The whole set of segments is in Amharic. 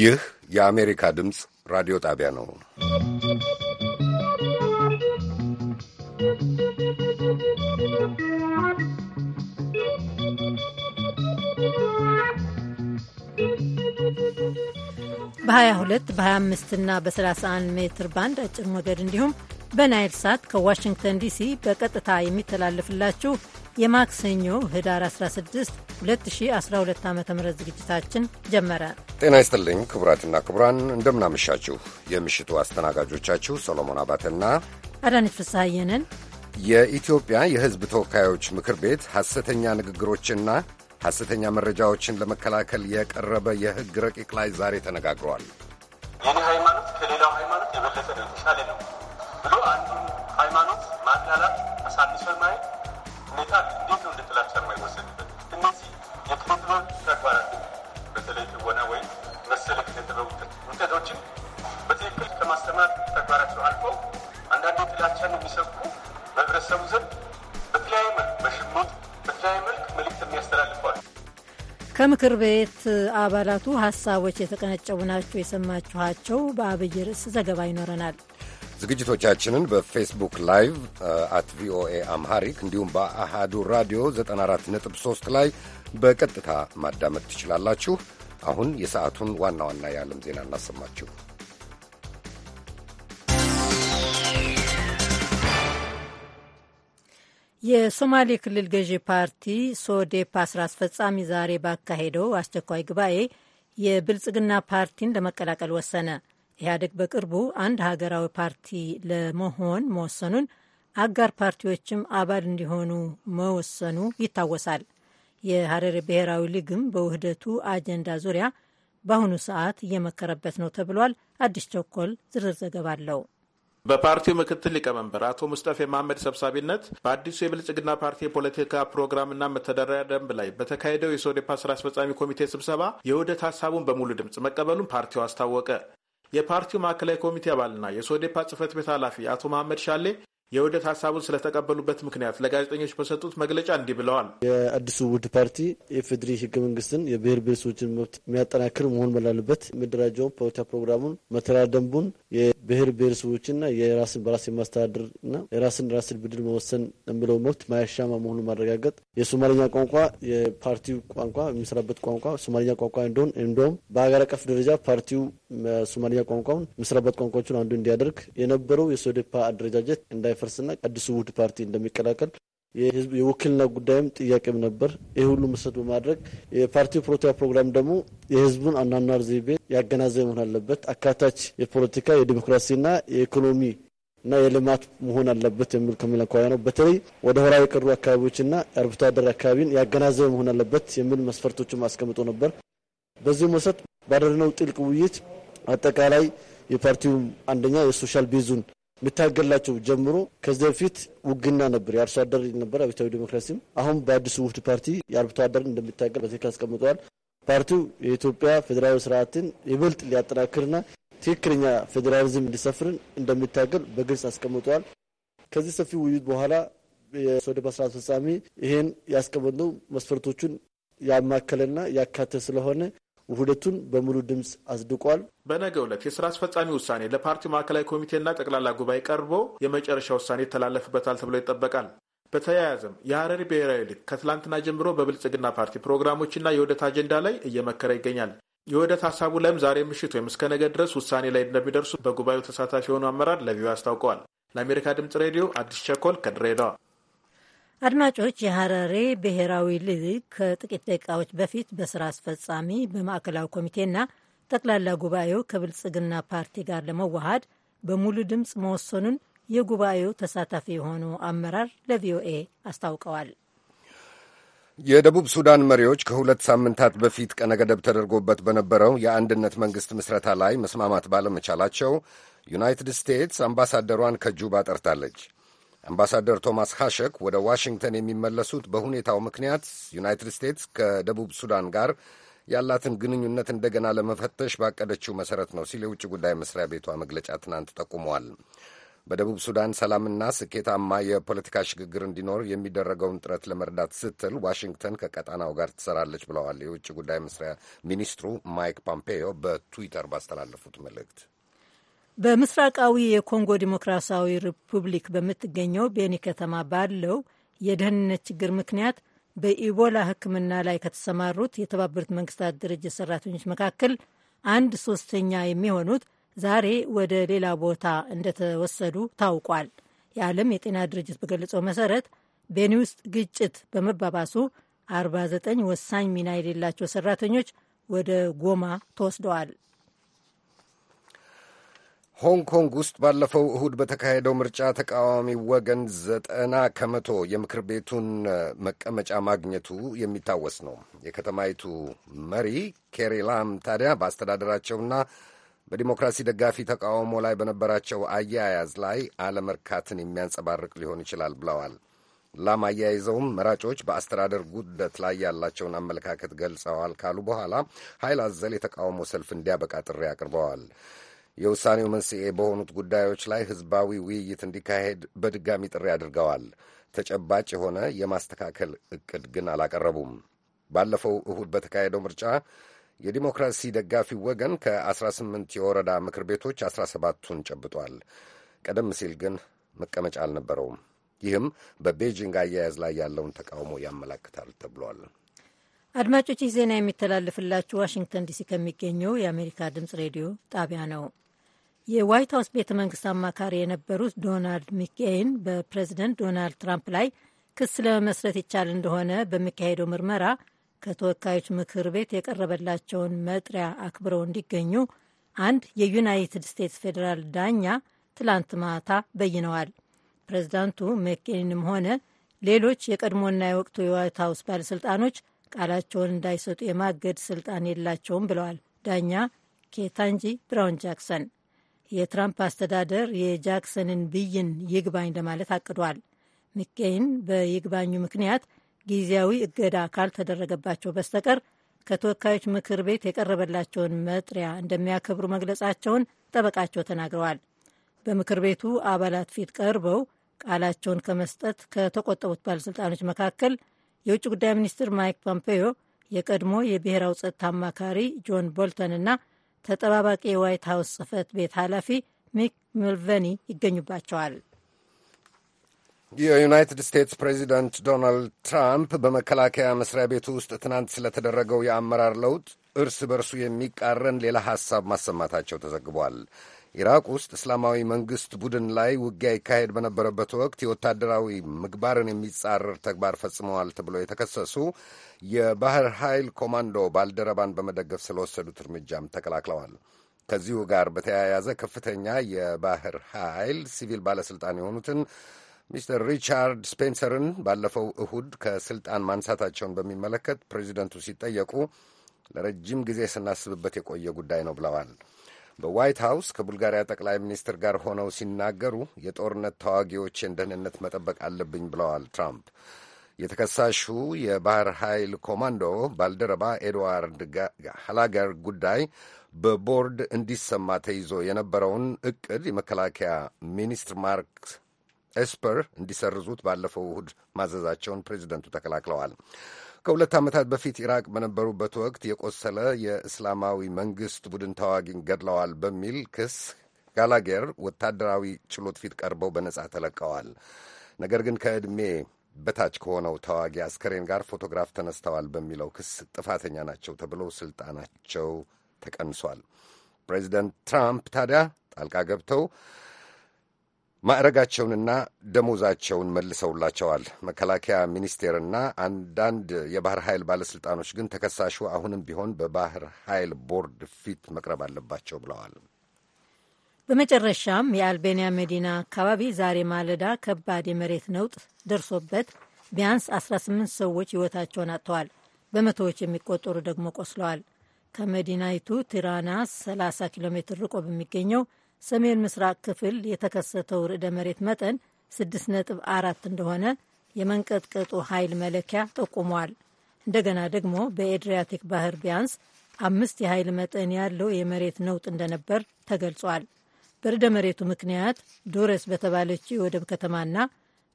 ይህ የአሜሪካ ድምፅ ራዲዮ ጣቢያ ነው። በ22 በ25ና በ31 ሜትር ባንድ አጭር ሞገድ እንዲሁም በናይል ሳት ከዋሽንግተን ዲሲ በቀጥታ የሚተላለፍላችሁ የማክሰኞ ህዳር 16 2012 ዓ ም ዝግጅታችን ጀመረ። ጤና ይስጥልኝ ክቡራትና ክቡራን፣ እንደምናመሻችሁ። የምሽቱ አስተናጋጆቻችሁ ሰሎሞን አባተና አዳነች ፍስሐየንን። የኢትዮጵያ የሕዝብ ተወካዮች ምክር ቤት ሐሰተኛ ንግግሮችና ሐሰተኛ መረጃዎችን ለመከላከል የቀረበ የሕግ ረቂቅ ላይ ዛሬ ተነጋግሯል። የኔ ሃይማኖት ከሌላው ሃይማኖት የበለጠ ነው የተሻለ ነው ብሎ አንዱ ሃይማኖት ማቅላላት አሳንሶ ማየት ሁኔታ እንዴት ነው እንደ የማይወሰድበት እነዚህ የኪነ ጥበብ ተግባራት በተለይ ትወና ወይም መሰል የኪነ ጥበብ ውጤቶችን በትክክል ከማስተማር ተግባራቸው አልፎ አንዳንዴ ጥላቻን የሚሰብኩ በህብረተሰቡ ዘንድ በተለያየ መልክ በሽሙጥ በተለያየ መልክ መልእክት የሚያስተላልፈዋል። ከምክር ቤት አባላቱ ሀሳቦች የተቀነጨቡ ናቸው። የሰማችኋቸው በአብይ ርዕስ ዘገባ ይኖረናል። ዝግጅቶቻችንን በፌስቡክ ላይቭ አት ቪኦኤ አምሃሪክ እንዲሁም በአሃዱ ራዲዮ 94.3 ላይ በቀጥታ ማዳመጥ ትችላላችሁ። አሁን የሰዓቱን ዋና ዋና የዓለም ዜና እናሰማችሁ። የሶማሌ ክልል ገዢ ፓርቲ ሶዴፓ ስራ አስፈጻሚ ዛሬ ባካሄደው አስቸኳይ ጉባኤ የብልጽግና ፓርቲን ለመቀላቀል ወሰነ። ኢህአዴግ በቅርቡ አንድ ሀገራዊ ፓርቲ ለመሆን መወሰኑን አጋር ፓርቲዎችም አባል እንዲሆኑ መወሰኑ ይታወሳል። የሀረሪ ብሔራዊ ሊግም በውህደቱ አጀንዳ ዙሪያ በአሁኑ ሰዓት እየመከረበት ነው ተብሏል። አዲስ ቸኮል ዝርዝር ዘገባ አለው። በፓርቲው ምክትል ሊቀመንበር አቶ ሙስጠፌ መሐመድ ሰብሳቢነት በአዲሱ የብልጽግና ፓርቲ የፖለቲካ ፕሮግራምና መተዳደሪያ ደንብ ላይ በተካሄደው የሶዴፓ ስራ አስፈጻሚ ኮሚቴ ስብሰባ የውህደት ሀሳቡን በሙሉ ድምፅ መቀበሉን ፓርቲው አስታወቀ። የፓርቲው ማዕከላዊ ኮሚቴ አባልና የሶዴፓ ጽህፈት ቤት ኃላፊ አቶ መሐመድ ሻሌ የውህደት ሀሳቡን ስለተቀበሉበት ምክንያት ለጋዜጠኞች በሰጡት መግለጫ እንዲህ ብለዋል። የአዲሱ ውህድ ፓርቲ የፌድሪ ህገ መንግስትን የብሔር ብሔረሰቦችን መብት የሚያጠናክር መሆን መላልበት የሚደራጀውን ፖለቲካ ፕሮግራሙን፣ መተዳደሪያ ደንቡን፣ የብሔር ብሔረሰቦችና የራስን በራስ የማስተዳደርና የራስን ራስን ብድር መወሰን የሚለው መብት ማያሻማ መሆኑን ማረጋገጥ፣ የሶማሊኛ ቋንቋ የፓርቲው ቋንቋ የሚሰራበት ቋንቋ ሶማሊኛ ቋንቋ እንደሆን እንደውም በሀገር አቀፍ ደረጃ ፓርቲው ሶማሊኛ ቋንቋውን ምስራባት ቋንቋዎችን አንዱ እንዲያደርግ የነበረው የሶዴፓ አደረጃጀት እንዳይፈርስና አዲሱ ውህድ ፓርቲ እንደሚቀላቀል የህዝብ የውክልና ጉዳይም ጥያቄም ነበር። ይህ ሁሉ መሰረት በማድረግ የፓርቲው ፕሮቲያ ፕሮግራም ደግሞ የህዝቡን አኗኗር ዘይቤ ያገናዘበ መሆን አለበት። አካታች የፖለቲካ የዲሞክራሲና የኢኮኖሚ እና የልማት መሆን አለበት የሚል ከሚል አኳያ ነው። በተለይ ወደ ኋላ የቀሩ አካባቢዎችና የአርብቶ አደር አካባቢን ያገናዘበ መሆን አለበት የሚል መስፈርቶችም አስቀምጦ ነበር። በዚህ መሰረት ባደረግነው ጥልቅ ውይይት አጠቃላይ የፓርቲው አንደኛ የሶሻል ቤዙን የምታገላቸው ጀምሮ ከዚህ በፊት ውግና ነበር፣ የአርሶ አደር ነበር፣ አብዮታዊ ዲሞክራሲም። አሁን በአዲሱ ውህድ ፓርቲ የአርብቶ አደር እንደሚታገል በትክክል አስቀምጠዋል። ፓርቲው የኢትዮጵያ ፌዴራዊ ስርዓትን ይበልጥ ሊያጠናክርና ትክክለኛ ፌዴራሊዝም እንዲሰፍርን እንደሚታገል በግልጽ አስቀምጠዋል። ከዚህ ሰፊ ውይይት በኋላ የሶደባ ስራ አስፈጻሚ ይሄን ያስቀመጥነው መስፈርቶቹን ያማከለና ያካተ ስለሆነ ውህደቱን በሙሉ ድምፅ አጽድቋል። በነገ ዕለት የስራ አስፈጻሚ ውሳኔ ለፓርቲው ማዕከላዊ ኮሚቴና ጠቅላላ ጉባኤ ቀርቦ የመጨረሻ ውሳኔ ይተላለፍበታል ተብሎ ይጠበቃል። በተያያዘም የሀረሪ ብሔራዊ ሊግ ከትላንትና ጀምሮ በብልጽግና ፓርቲ ፕሮግራሞችና የውህደት አጀንዳ ላይ እየመከረ ይገኛል። የውህደት ሀሳቡ ላይም ዛሬ ምሽት ወይም እስከ ነገ ድረስ ውሳኔ ላይ እንደሚደርሱ በጉባኤው ተሳታፊ የሆኑ አመራር ለቪዮ አስታውቀዋል። ለአሜሪካ ድምጽ ሬዲዮ አዲስ ቸኮል ከድሬዳዋ አድማጮች፣ የሐረሬ ብሔራዊ ሊግ ከጥቂት ደቂቃዎች በፊት በስራ አስፈጻሚ በማዕከላዊ ኮሚቴና ጠቅላላ ጉባኤው ከብልጽግና ፓርቲ ጋር ለመዋሃድ በሙሉ ድምፅ መወሰኑን የጉባኤው ተሳታፊ የሆኑ አመራር ለቪኦኤ አስታውቀዋል። የደቡብ ሱዳን መሪዎች ከሁለት ሳምንታት በፊት ቀነ ገደብ ተደርጎበት በነበረው የአንድነት መንግሥት ምስረታ ላይ መስማማት ባለመቻላቸው ዩናይትድ ስቴትስ አምባሳደሯን ከጁባ ጠርታለች። አምባሳደር ቶማስ ሃሸክ ወደ ዋሽንግተን የሚመለሱት በሁኔታው ምክንያት ዩናይትድ ስቴትስ ከደቡብ ሱዳን ጋር ያላትን ግንኙነት እንደገና ለመፈተሽ ባቀደችው መሠረት ነው ሲል የውጭ ጉዳይ መስሪያ ቤቷ መግለጫ ትናንት ጠቁመዋል። በደቡብ ሱዳን ሰላምና ስኬታማ የፖለቲካ ሽግግር እንዲኖር የሚደረገውን ጥረት ለመርዳት ስትል ዋሽንግተን ከቀጣናው ጋር ትሰራለች ብለዋል የውጭ ጉዳይ መስሪያ ሚኒስትሩ ማይክ ፖምፔዮ በትዊተር ባስተላለፉት መልእክት። በምስራቃዊ የኮንጎ ዲሞክራሲያዊ ሪፑብሊክ በምትገኘው ቤኒ ከተማ ባለው የደህንነት ችግር ምክንያት በኢቦላ ሕክምና ላይ ከተሰማሩት የተባበሩት መንግስታት ድርጅት ሰራተኞች መካከል አንድ ሶስተኛ የሚሆኑት ዛሬ ወደ ሌላ ቦታ እንደተወሰዱ ታውቋል። የዓለም የጤና ድርጅት በገለጸው መሰረት ቤኒ ውስጥ ግጭት በመባባሱ 49 ወሳኝ ሚና የሌላቸው ሰራተኞች ወደ ጎማ ተወስደዋል። ሆንግ ኮንግ ውስጥ ባለፈው እሁድ በተካሄደው ምርጫ ተቃዋሚ ወገን ዘጠና ከመቶ የምክር ቤቱን መቀመጫ ማግኘቱ የሚታወስ ነው። የከተማይቱ መሪ ኬሪ ላም ታዲያ በአስተዳደራቸውና በዲሞክራሲ ደጋፊ ተቃውሞ ላይ በነበራቸው አያያዝ ላይ አለመርካትን የሚያንጸባርቅ ሊሆን ይችላል ብለዋል። ላም አያይዘውም መራጮች በአስተዳደር ጉደት ላይ ያላቸውን አመለካከት ገልጸዋል ካሉ በኋላ ኃይል አዘል የተቃውሞ ሰልፍ እንዲያበቃ ጥሪ አቅርበዋል። የውሳኔው መንስኤ በሆኑት ጉዳዮች ላይ ህዝባዊ ውይይት እንዲካሄድ በድጋሚ ጥሪ አድርገዋል። ተጨባጭ የሆነ የማስተካከል እቅድ ግን አላቀረቡም። ባለፈው እሁድ በተካሄደው ምርጫ የዲሞክራሲ ደጋፊ ወገን ከ18 የወረዳ ምክር ቤቶች 17ቱን ጨብጧል። ቀደም ሲል ግን መቀመጫ አልነበረውም። ይህም በቤጂንግ አያያዝ ላይ ያለውን ተቃውሞ ያመላክታል ተብሏል። አድማጮች፣ ይህ ዜና የሚተላለፍላችሁ ዋሽንግተን ዲሲ ከሚገኘው የአሜሪካ ድምፅ ሬዲዮ ጣቢያ ነው። የዋይት ሀውስ ቤተ መንግስት አማካሪ የነበሩት ዶናልድ ሚኬን በፕሬዚደንት ዶናልድ ትራምፕ ላይ ክስ ለመመስረት ይቻል እንደሆነ በሚካሄደው ምርመራ ከተወካዮች ምክር ቤት የቀረበላቸውን መጥሪያ አክብረው እንዲገኙ አንድ የዩናይትድ ስቴትስ ፌዴራል ዳኛ ትላንት ማታ በይነዋል። ፕሬዚዳንቱ መኬንም ሆነ ሌሎች የቀድሞና የወቅቱ የዋይት ሀውስ ባለሥልጣኖች ቃላቸውን እንዳይሰጡ የማገድ ስልጣን የላቸውም ብለዋል ዳኛ ኬታንጂ ብራውን ጃክሰን። የትራምፕ አስተዳደር የጃክሰንን ብይን ይግባኝ ለማለት አቅዷል። ሚኬይን በይግባኙ ምክንያት ጊዜያዊ እገዳ ካልተደረገባቸው በስተቀር ከተወካዮች ምክር ቤት የቀረበላቸውን መጥሪያ እንደሚያከብሩ መግለጻቸውን ጠበቃቸው ተናግረዋል። በምክር ቤቱ አባላት ፊት ቀርበው ቃላቸውን ከመስጠት ከተቆጠቡት ባለሥልጣኖች መካከል የውጭ ጉዳይ ሚኒስትር ማይክ ፖምፔዮ፣ የቀድሞ የብሔራዊ ጸጥታ አማካሪ ጆን ቦልተን እና ተጠባባቂ የዋይት ሀውስ ጽህፈት ቤት ኃላፊ ሚክ ሚልቨኒ ይገኙባቸዋል። የዩናይትድ ስቴትስ ፕሬዚደንት ዶናልድ ትራምፕ በመከላከያ መስሪያ ቤቱ ውስጥ ትናንት ስለተደረገው የአመራር ለውጥ እርስ በርሱ የሚቃረን ሌላ ሐሳብ ማሰማታቸው ተዘግቧል። ኢራቅ ውስጥ እስላማዊ መንግሥት ቡድን ላይ ውጊያ ይካሄድ በነበረበት ወቅት የወታደራዊ ምግባርን የሚጻረር ተግባር ፈጽመዋል ተብሎ የተከሰሱ የባህር ኃይል ኮማንዶ ባልደረባን በመደገፍ ስለወሰዱት እርምጃም ተከላክለዋል። ከዚሁ ጋር በተያያዘ ከፍተኛ የባህር ኃይል ሲቪል ባለሥልጣን የሆኑትን ሚስተር ሪቻርድ ስፔንሰርን ባለፈው እሁድ ከስልጣን ማንሳታቸውን በሚመለከት ፕሬዚደንቱ ሲጠየቁ ለረጅም ጊዜ ስናስብበት የቆየ ጉዳይ ነው ብለዋል። በዋይት ሀውስ ከቡልጋሪያ ጠቅላይ ሚኒስትር ጋር ሆነው ሲናገሩ የጦርነት ተዋጊዎችን ደህንነት መጠበቅ አለብኝ ብለዋል ትራምፕ። የተከሳሹ የባህር ኃይል ኮማንዶ ባልደረባ ኤድዋርድ ሃላገር ጉዳይ በቦርድ እንዲሰማ ተይዞ የነበረውን እቅድ የመከላከያ ሚኒስትር ማርክ ኤስፐር እንዲሰርዙት ባለፈው እሁድ ማዘዛቸውን ፕሬዚደንቱ ተከላክለዋል። ከሁለት ዓመታት በፊት ኢራቅ በነበሩበት ወቅት የቆሰለ የእስላማዊ መንግሥት ቡድን ተዋጊን ገድለዋል በሚል ክስ ጋላጌር ወታደራዊ ችሎት ፊት ቀርበው በነጻ ተለቀዋል። ነገር ግን ከዕድሜ በታች ከሆነው ተዋጊ አስከሬን ጋር ፎቶግራፍ ተነስተዋል በሚለው ክስ ጥፋተኛ ናቸው ተብለው ስልጣናቸው ተቀንሷል። ፕሬዚደንት ትራምፕ ታዲያ ጣልቃ ገብተው ማዕረጋቸውንና ደሞዛቸውን መልሰውላቸዋል። መከላከያ ሚኒስቴርና አንዳንድ የባህር ኃይል ባለሥልጣኖች ግን ተከሳሹ አሁንም ቢሆን በባህር ኃይል ቦርድ ፊት መቅረብ አለባቸው ብለዋል። በመጨረሻም የአልቤንያ መዲና አካባቢ ዛሬ ማለዳ ከባድ የመሬት ነውጥ ደርሶበት ቢያንስ 18 ሰዎች ሕይወታቸውን አጥተዋል። በመቶዎች የሚቆጠሩ ደግሞ ቆስለዋል። ከመዲናይቱ ቲራና 30 ኪሎ ሜትር ርቆ በሚገኘው ሰሜን ምስራቅ ክፍል የተከሰተው ርዕደ መሬት መጠን 6.4 እንደሆነ የመንቀጥቀጡ ኃይል መለኪያ ጠቁሟል። እንደገና ደግሞ በኤድሪያቲክ ባህር ቢያንስ አምስት የኃይል መጠን ያለው የመሬት ነውጥ እንደነበር ተገልጿል። በርዕደ መሬቱ ምክንያት ዶረስ በተባለችው የወደብ ከተማና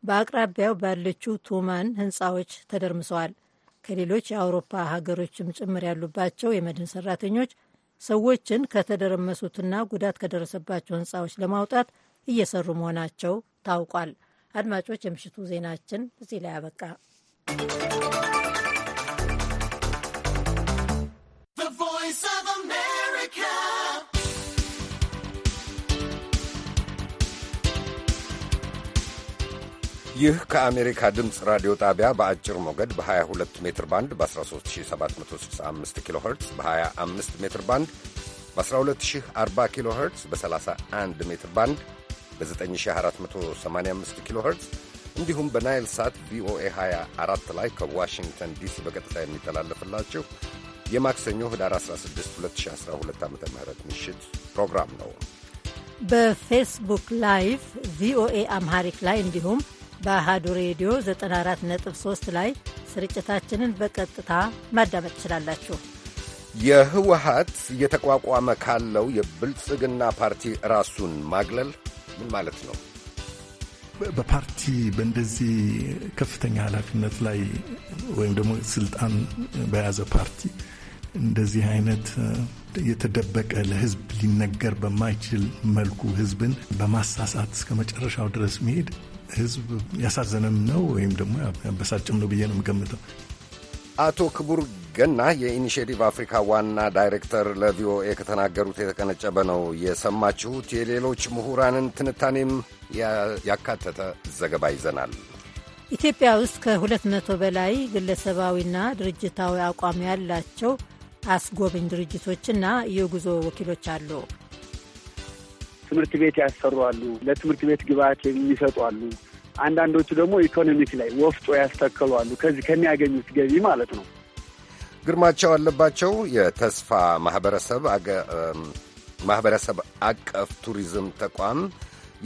በአቅራቢያው ባለችው ቱማን ህንፃዎች ተደርምሰዋል። ከሌሎች የአውሮፓ ሀገሮችም ጭምር ያሉባቸው የመድን ሰራተኞች ሰዎችን ከተደረመሱትና ጉዳት ከደረሰባቸው ህንፃዎች ለማውጣት እየሰሩ መሆናቸው ታውቋል። አድማጮች፣ የምሽቱ ዜናችን እዚህ ላይ አበቃ። ቮይስ ይህ ከአሜሪካ ድምፅ ራዲዮ ጣቢያ በአጭር ሞገድ በ22 ሜትር ባንድ በ13765 ኪሎ ኸርትዝ በ25 ሜትር ባንድ በ1240 ኪሎ ኸርትዝ በ31 ሜትር ባንድ በ9485 ኪሎ ኸርትዝ እንዲሁም በናይል ሳት ቪኦኤ 24 ላይ ከዋሽንግተን ዲሲ በቀጥታ የሚተላለፍላችሁ የማክሰኞ ህዳር 16 2012 ዓ ም ምሽት ፕሮግራም ነው። በፌስቡክ ላይቭ ቪኦኤ አምሃሪክ ላይ እንዲሁም በአሃዱ ሬዲዮ 94.3 ላይ ስርጭታችንን በቀጥታ ማዳመጥ ትችላላችሁ። የህወሀት እየተቋቋመ ካለው የብልጽግና ፓርቲ ራሱን ማግለል ምን ማለት ነው? በፓርቲ በእንደዚህ ከፍተኛ ኃላፊነት ላይ ወይም ደግሞ ስልጣን በያዘ ፓርቲ እንደዚህ አይነት የተደበቀ ለህዝብ ሊነገር በማይችል መልኩ ህዝብን በማሳሳት እስከ መጨረሻው ድረስ መሄድ ህዝብ ያሳዘነም ነው ወይም ደግሞ ያበሳጭም ነው ብዬ ነው የምገምተው። አቶ ክቡር ገና የኢኒሽቲቭ አፍሪካ ዋና ዳይሬክተር ለቪኦኤ ከተናገሩት የተቀነጨበ ነው የሰማችሁት። የሌሎች ምሁራንን ትንታኔም ያካተተ ዘገባ ይዘናል። ኢትዮጵያ ውስጥ ከሁለት መቶ በላይ ግለሰባዊና ድርጅታዊ አቋም ያላቸው አስጎብኝ ድርጅቶችና የጉዞ ወኪሎች አሉ። ትምህርት ቤት ያሰሩ አሉ። ለትምህርት ቤት ግብዓት የሚሰጡ አሉ። አንዳንዶቹ ደግሞ ኢኮኖሚክ ላይ ወፍጮ ያስተከሉ አሉ። ከዚህ ከሚያገኙት ገቢ ማለት ነው። ግርማቸው አለባቸው የተስፋ ማህበረሰብ ማህበረሰብ አቀፍ ቱሪዝም ተቋም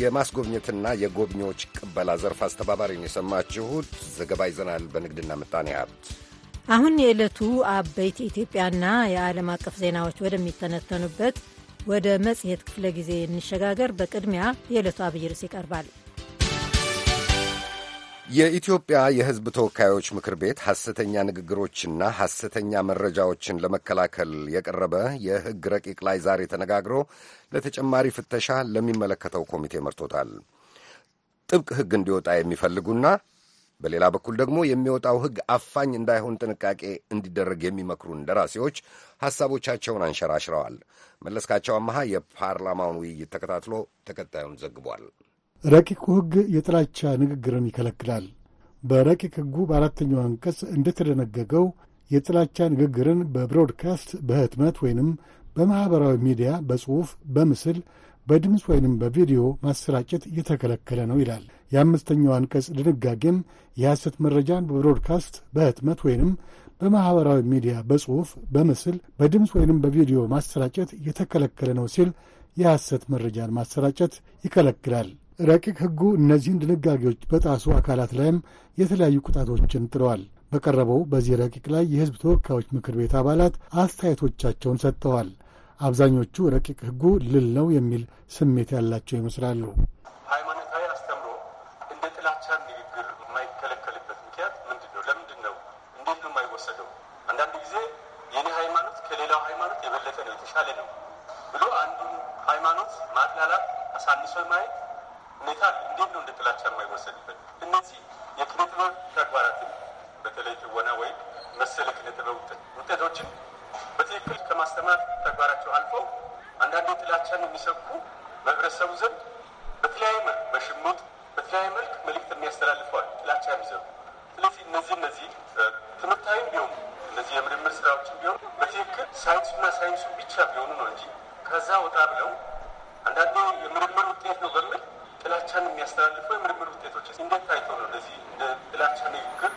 የማስጎብኘትና የጎብኚዎች ቅበላ ዘርፍ አስተባባሪን የሰማችሁት። ዘገባ ይዘናል በንግድና ምጣኔ ሀብት። አሁን የዕለቱ አበይት የኢትዮጵያና የዓለም አቀፍ ዜናዎች ወደሚተነተኑበት ወደ መጽሔት ክፍለ ጊዜ እንሸጋገር። በቅድሚያ የዕለቱ አብይ ርዕስ ይቀርባል። የኢትዮጵያ የሕዝብ ተወካዮች ምክር ቤት ሐሰተኛ ንግግሮችና ሐሰተኛ መረጃዎችን ለመከላከል የቀረበ የሕግ ረቂቅ ላይ ዛሬ ተነጋግሮ ለተጨማሪ ፍተሻ ለሚመለከተው ኮሚቴ መርቶታል። ጥብቅ ሕግ እንዲወጣ የሚፈልጉና በሌላ በኩል ደግሞ የሚወጣው ሕግ አፋኝ እንዳይሆን ጥንቃቄ እንዲደረግ የሚመክሩ እንደራሴዎች ሐሳቦቻቸውን አንሸራሽረዋል። መለስካቸው አመሃ የፓርላማውን ውይይት ተከታትሎ ተከታዩን ዘግቧል። ረቂቁ ሕግ የጥላቻ ንግግርን ይከለክላል። በረቂቅ ሕጉ በአራተኛው አንቀጽ እንደተደነገገው የጥላቻ ንግግርን በብሮድካስት፣ በህትመት ወይንም በማኅበራዊ ሚዲያ፣ በጽሑፍ፣ በምስል በድምፅ ወይንም በቪዲዮ ማሰራጨት እየተከለከለ ነው ይላል። የአምስተኛው አንቀጽ ድንጋጌም የሐሰት መረጃን በብሮድካስት በህትመት ወይንም በማኅበራዊ ሚዲያ በጽሑፍ፣ በምስል፣ በድምፅ ወይንም በቪዲዮ ማሰራጨት እየተከለከለ ነው ሲል የሐሰት መረጃን ማሰራጨት ይከለክላል። ረቂቅ ሕጉ እነዚህን ድንጋጌዎች በጣሱ አካላት ላይም የተለያዩ ቅጣቶችን ጥለዋል። በቀረበው በዚህ ረቂቅ ላይ የሕዝብ ተወካዮች ምክር ቤት አባላት አስተያየቶቻቸውን ሰጥተዋል። አብዛኞቹ ረቂቅ ሕጉ ልል ነው የሚል ስሜት ያላቸው ይመስላሉ። ሃይማኖታዊ አስተምሮ እንደ ጥላቻ ንግግር የማይከለከልበት ምክንያት ምንድን ነው? ለምንድን ነው? እንዴት ነው የማይወሰደው? አንዳንድ ጊዜ የኔ ሃይማኖት ከሌላው ሃይማኖት የበለጠ ነው፣ የተሻለ ነው ብሎ አንዱ ሃይማኖት ማጥላላት፣ አሳንሶ ማየት ሁኔታ እንዴት ነው እንደ ጥላቻ የማይወሰድበት? እነዚህ የክነጥበብ ተግባራትን በተለይ ትወና ወይም መሰለ ክነጥበብ ውጤቶችን በትክክል ከማስተማር ተግባራቸው አልፎ አንዳንዴ ጥላቻን የሚሰብኩ በህብረተሰቡ ዘንድ በተለያየ መልክ በሽሙጥ በተለያየ መልክ መልእክት የሚያስተላልፈዋል ጥላቻ የሚሰብኩ። ስለዚህ እነዚህ እነዚህ ትምህርታዊ ቢሆኑ እነዚህ የምርምር ስራዎችን ቢሆኑ በትክክል ሳይንሱና ሳይንሱ ብቻ ቢሆኑ ነው እንጂ ከዛ ወጣ ብለው አንዳንዴ የምርምር ውጤት ነው በሚል ጥላቻን የሚያስተላልፈው የምርምር ውጤቶች እንዴት ታይቶ ነው እነዚህ ጥላቻ ንግግር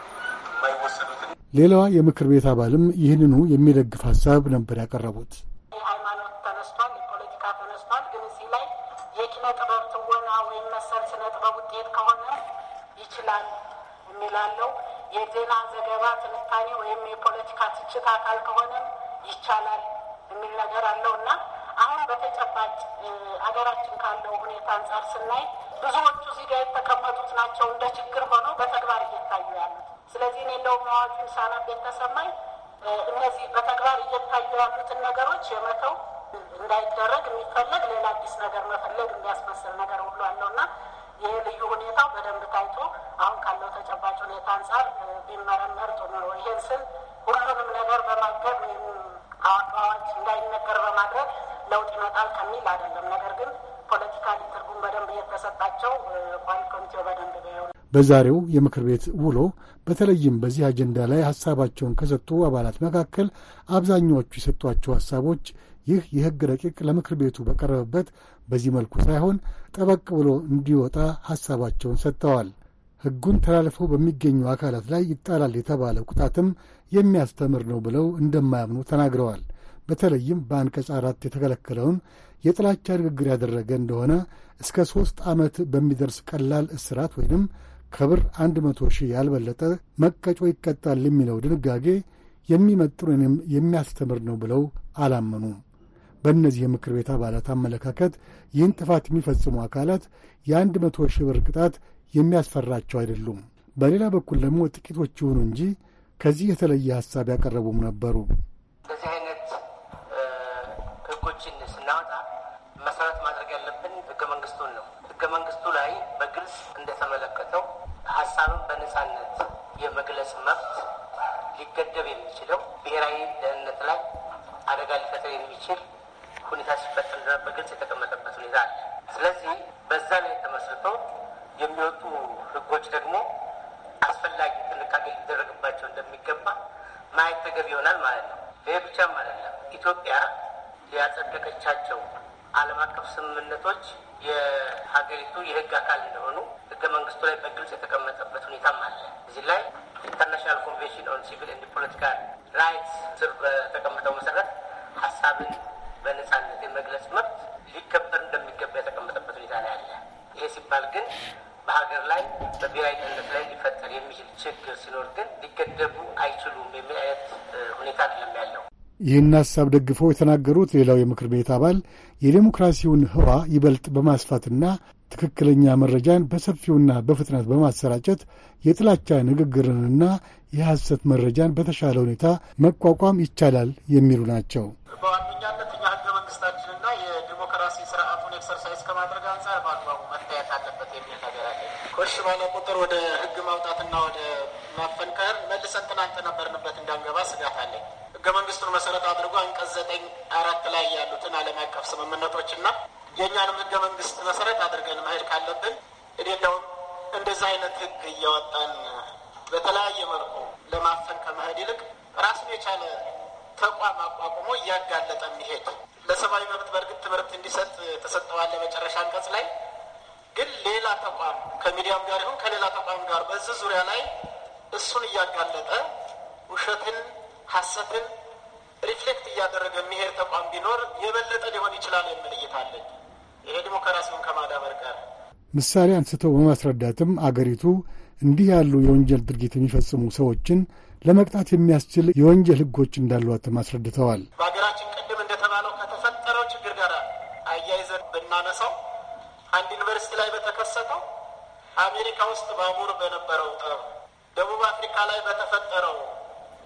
የማይወሰዱት? ሌላዋ የምክር ቤት አባልም ይህንኑ የሚደግፍ ሀሳብ ነበር ያቀረቡት። ሃይማኖት ተነስቷል፣ የፖለቲካ ተነስቷል። ግን እዚህ ላይ የኪነ ጥበብ ትወና ወይም መሰል ስነ ጥበብ ውጤት ከሆነ ይችላል የሚላለው የዜና ዘገባ ትንታኔ ወይም የፖለቲካ ትችት አካል ከሆነ ይቻላል የሚል ነገር አለው እና አሁን በተጨባጭ አገራችን ካለው ሁኔታ አንጻር ስናይ ብዙዎቹ እዚህ ጋር የተቀመጡት ናቸው እንደ ችግር ሆነው በተግባር እየታዩ ያሉት ስለዚህ እኔ እንደውም አዋጁን ሳነብ የተሰማኝ እነዚህ በተግባር እየታዩ ያሉትን ነገሮች የመተው እንዳይደረግ የሚፈለግ ሌላ አዲስ ነገር መፈለግ የሚያስመስል ነገር ሁሉ አለው እና ይህ ልዩ ሁኔታው በደንብ ታይቶ አሁን ካለው ተጨባጭ ሁኔታ አንጻር ቢመረመር ጥሩ ነው። ይህን ስል ሁሉንም ነገር በማገድ ወይም አዋጅ እንዳይነገር በማድረግ ለውጥ ይመጣል ከሚል አይደለም። ነገር ግን ፖለቲካሊ ትርጉም በደንብ እየተሰጣቸው ቋሚ ኮሚቴው በደንብ በዛሬው የምክር ቤት ውሎ በተለይም በዚህ አጀንዳ ላይ ሐሳባቸውን ከሰጡ አባላት መካከል አብዛኛዎቹ የሰጧቸው ሐሳቦች ይህ የሕግ ረቂቅ ለምክር ቤቱ በቀረበበት በዚህ መልኩ ሳይሆን ጠበቅ ብሎ እንዲወጣ ሐሳባቸውን ሰጥተዋል። ሕጉን ተላልፈው በሚገኙ አካላት ላይ ይጣላል የተባለ ቁጣትም የሚያስተምር ነው ብለው እንደማያምኑ ተናግረዋል። በተለይም በአንቀጽ አራት የተከለከለውን የጥላቻ ንግግር ያደረገ እንደሆነ እስከ ሦስት ዓመት በሚደርስ ቀላል እስራት ወይንም ከብር አንድ መቶ ሺህ ያልበለጠ መቀጮ ይቀጣል የሚለው ድንጋጌ ወይም የሚያስተምር ነው ብለው አላመኑም። በእነዚህ የምክር ቤት አባላት አመለካከት ይህን ጥፋት የሚፈጽሙ አካላት የአንድ መቶ ሺህ ብር ቅጣት የሚያስፈራቸው አይደሉም። በሌላ በኩል ደግሞ ጥቂቶች ይሁኑ እንጂ ከዚህ የተለየ ሀሳብ ያቀረቡም ነበሩ። እንደዚህ አይነት ህጎችን ስናወጣ መሰረት ማድረግ ያለብን ህገ መንግስቱን ነው። ህገ መንግስቱ ላይ በግልጽ እንደተመለከተው ሀሳብን በነጻነት የመግለጽ መብት ሊገደብ የሚችለው ብሔራዊ ደህንነት ላይ አደጋ ሊፈጥር የሚችል ሁኔታ ሲፈጠር በግልጽ የተቀመጠበት ሁኔታ አለ። ስለዚህ በዛ ላይ ተመስርቶ የሚወጡ ህጎች ደግሞ አስፈላጊ ጥንቃቄ ሊደረግባቸው እንደሚገባ ማየት ተገቢ ይሆናል ማለት ነው። ይህ ብቻም አይደለም። ኢትዮጵያ ሊያጸደቀቻቸው ዓለም አቀፍ ስምምነቶች የሀገሪቱ የህግ አካል እንደሆኑ ህገ መንግስቱ ላይ በግልጽ የተቀመጠበት ሁኔታም አለ። እዚህ ላይ ኢንተርናሽናል ኮንቬንሽን ኦን ሲቪል ኤንድ ፖለቲካል ራይትስ ስር በተቀመጠው መሰረት ሀሳብን በነጻነት የመግለጽ መብት ሊከበር እንደሚገባ የተቀመጠበት ሁኔታ ላይ አለ። ይሄ ሲባል ግን በሀገር ላይ በብሔራዊ ደህንነት ላይ ሊፈጠር የሚችል ችግር ሲኖር ግን ሊገደቡ አይችሉም የሚል አይነት ሁኔታ አይደለም ያለው። ይህን ሐሳብ ደግፈው የተናገሩት ሌላው የምክር ቤት አባል የዴሞክራሲውን ህዋ ይበልጥ በማስፋትና ትክክለኛ መረጃን በሰፊውና በፍጥነት በማሰራጨት የጥላቻ ንግግርንና የሐሰት መረጃን በተሻለ ሁኔታ መቋቋም ይቻላል የሚሉ ናቸው። በዋነኛነት እኛ መንግስታችንና የዲሞክራሲ ስርዓቱን ኤክሰርሳይዝ ከማድረግ አንጻር በአግባቡ መታየት አለበት የሚል ነገር አለ። ኮሽ ባለ ቁጥር ወደ ህግ ማውጣትና ወደ ማፈንከር መልሰን ትናንት ነበርንበት እንዳንገባ ስጋት አለኝ። ህገ መንግስቱን መሰረት አድርጎ አንቀጽ ዘጠኝ አራት ላይ ያሉትን ዓለም አቀፍ ስምምነቶችና የእኛንም ህገ መንግስት መሰረት አድርገን መሄድ ካለብን እኔ እንደውም እንደዛ አይነት ህግ እያወጣን በተለያየ መልኩ ለማፈን ከመሄድ ይልቅ ራሱን የቻለ ተቋም አቋቁሞ እያጋለጠ የሚሄድ ለሰብአዊ መብት በእርግጥ ትምህርት እንዲሰጥ ተሰጠዋል ለመጨረሻ አንቀጽ ላይ ግን ሌላ ተቋም ከሚዲያም ጋር ይሁን ከሌላ ተቋም ጋር በዚህ ዙሪያ ላይ እሱን እያጋለጠ ውሸትን ሀሰትን ሪፍሌክት እያደረገ የሚሄድ ተቋም ቢኖር የበለጠ ሊሆን ይችላል የሚል እይታ አለኝ። ይሄ ዲሞክራሲውን ከማዳበር ጋር ምሳሌ አንስተው በማስረዳትም አገሪቱ እንዲህ ያሉ የወንጀል ድርጊት የሚፈጽሙ ሰዎችን ለመቅጣት የሚያስችል የወንጀል ሕጎች እንዳሏትም አስረድተዋል። በሀገራችን ቅድም እንደተባለው ከተፈጠረው ችግር ጋር አያይዘን ብናነሳው አንድ ዩኒቨርሲቲ ላይ በተከሰተው አሜሪካ ውስጥ ባቡር በነበረው ጠብ፣ ደቡብ አፍሪካ ላይ በተፈጠረው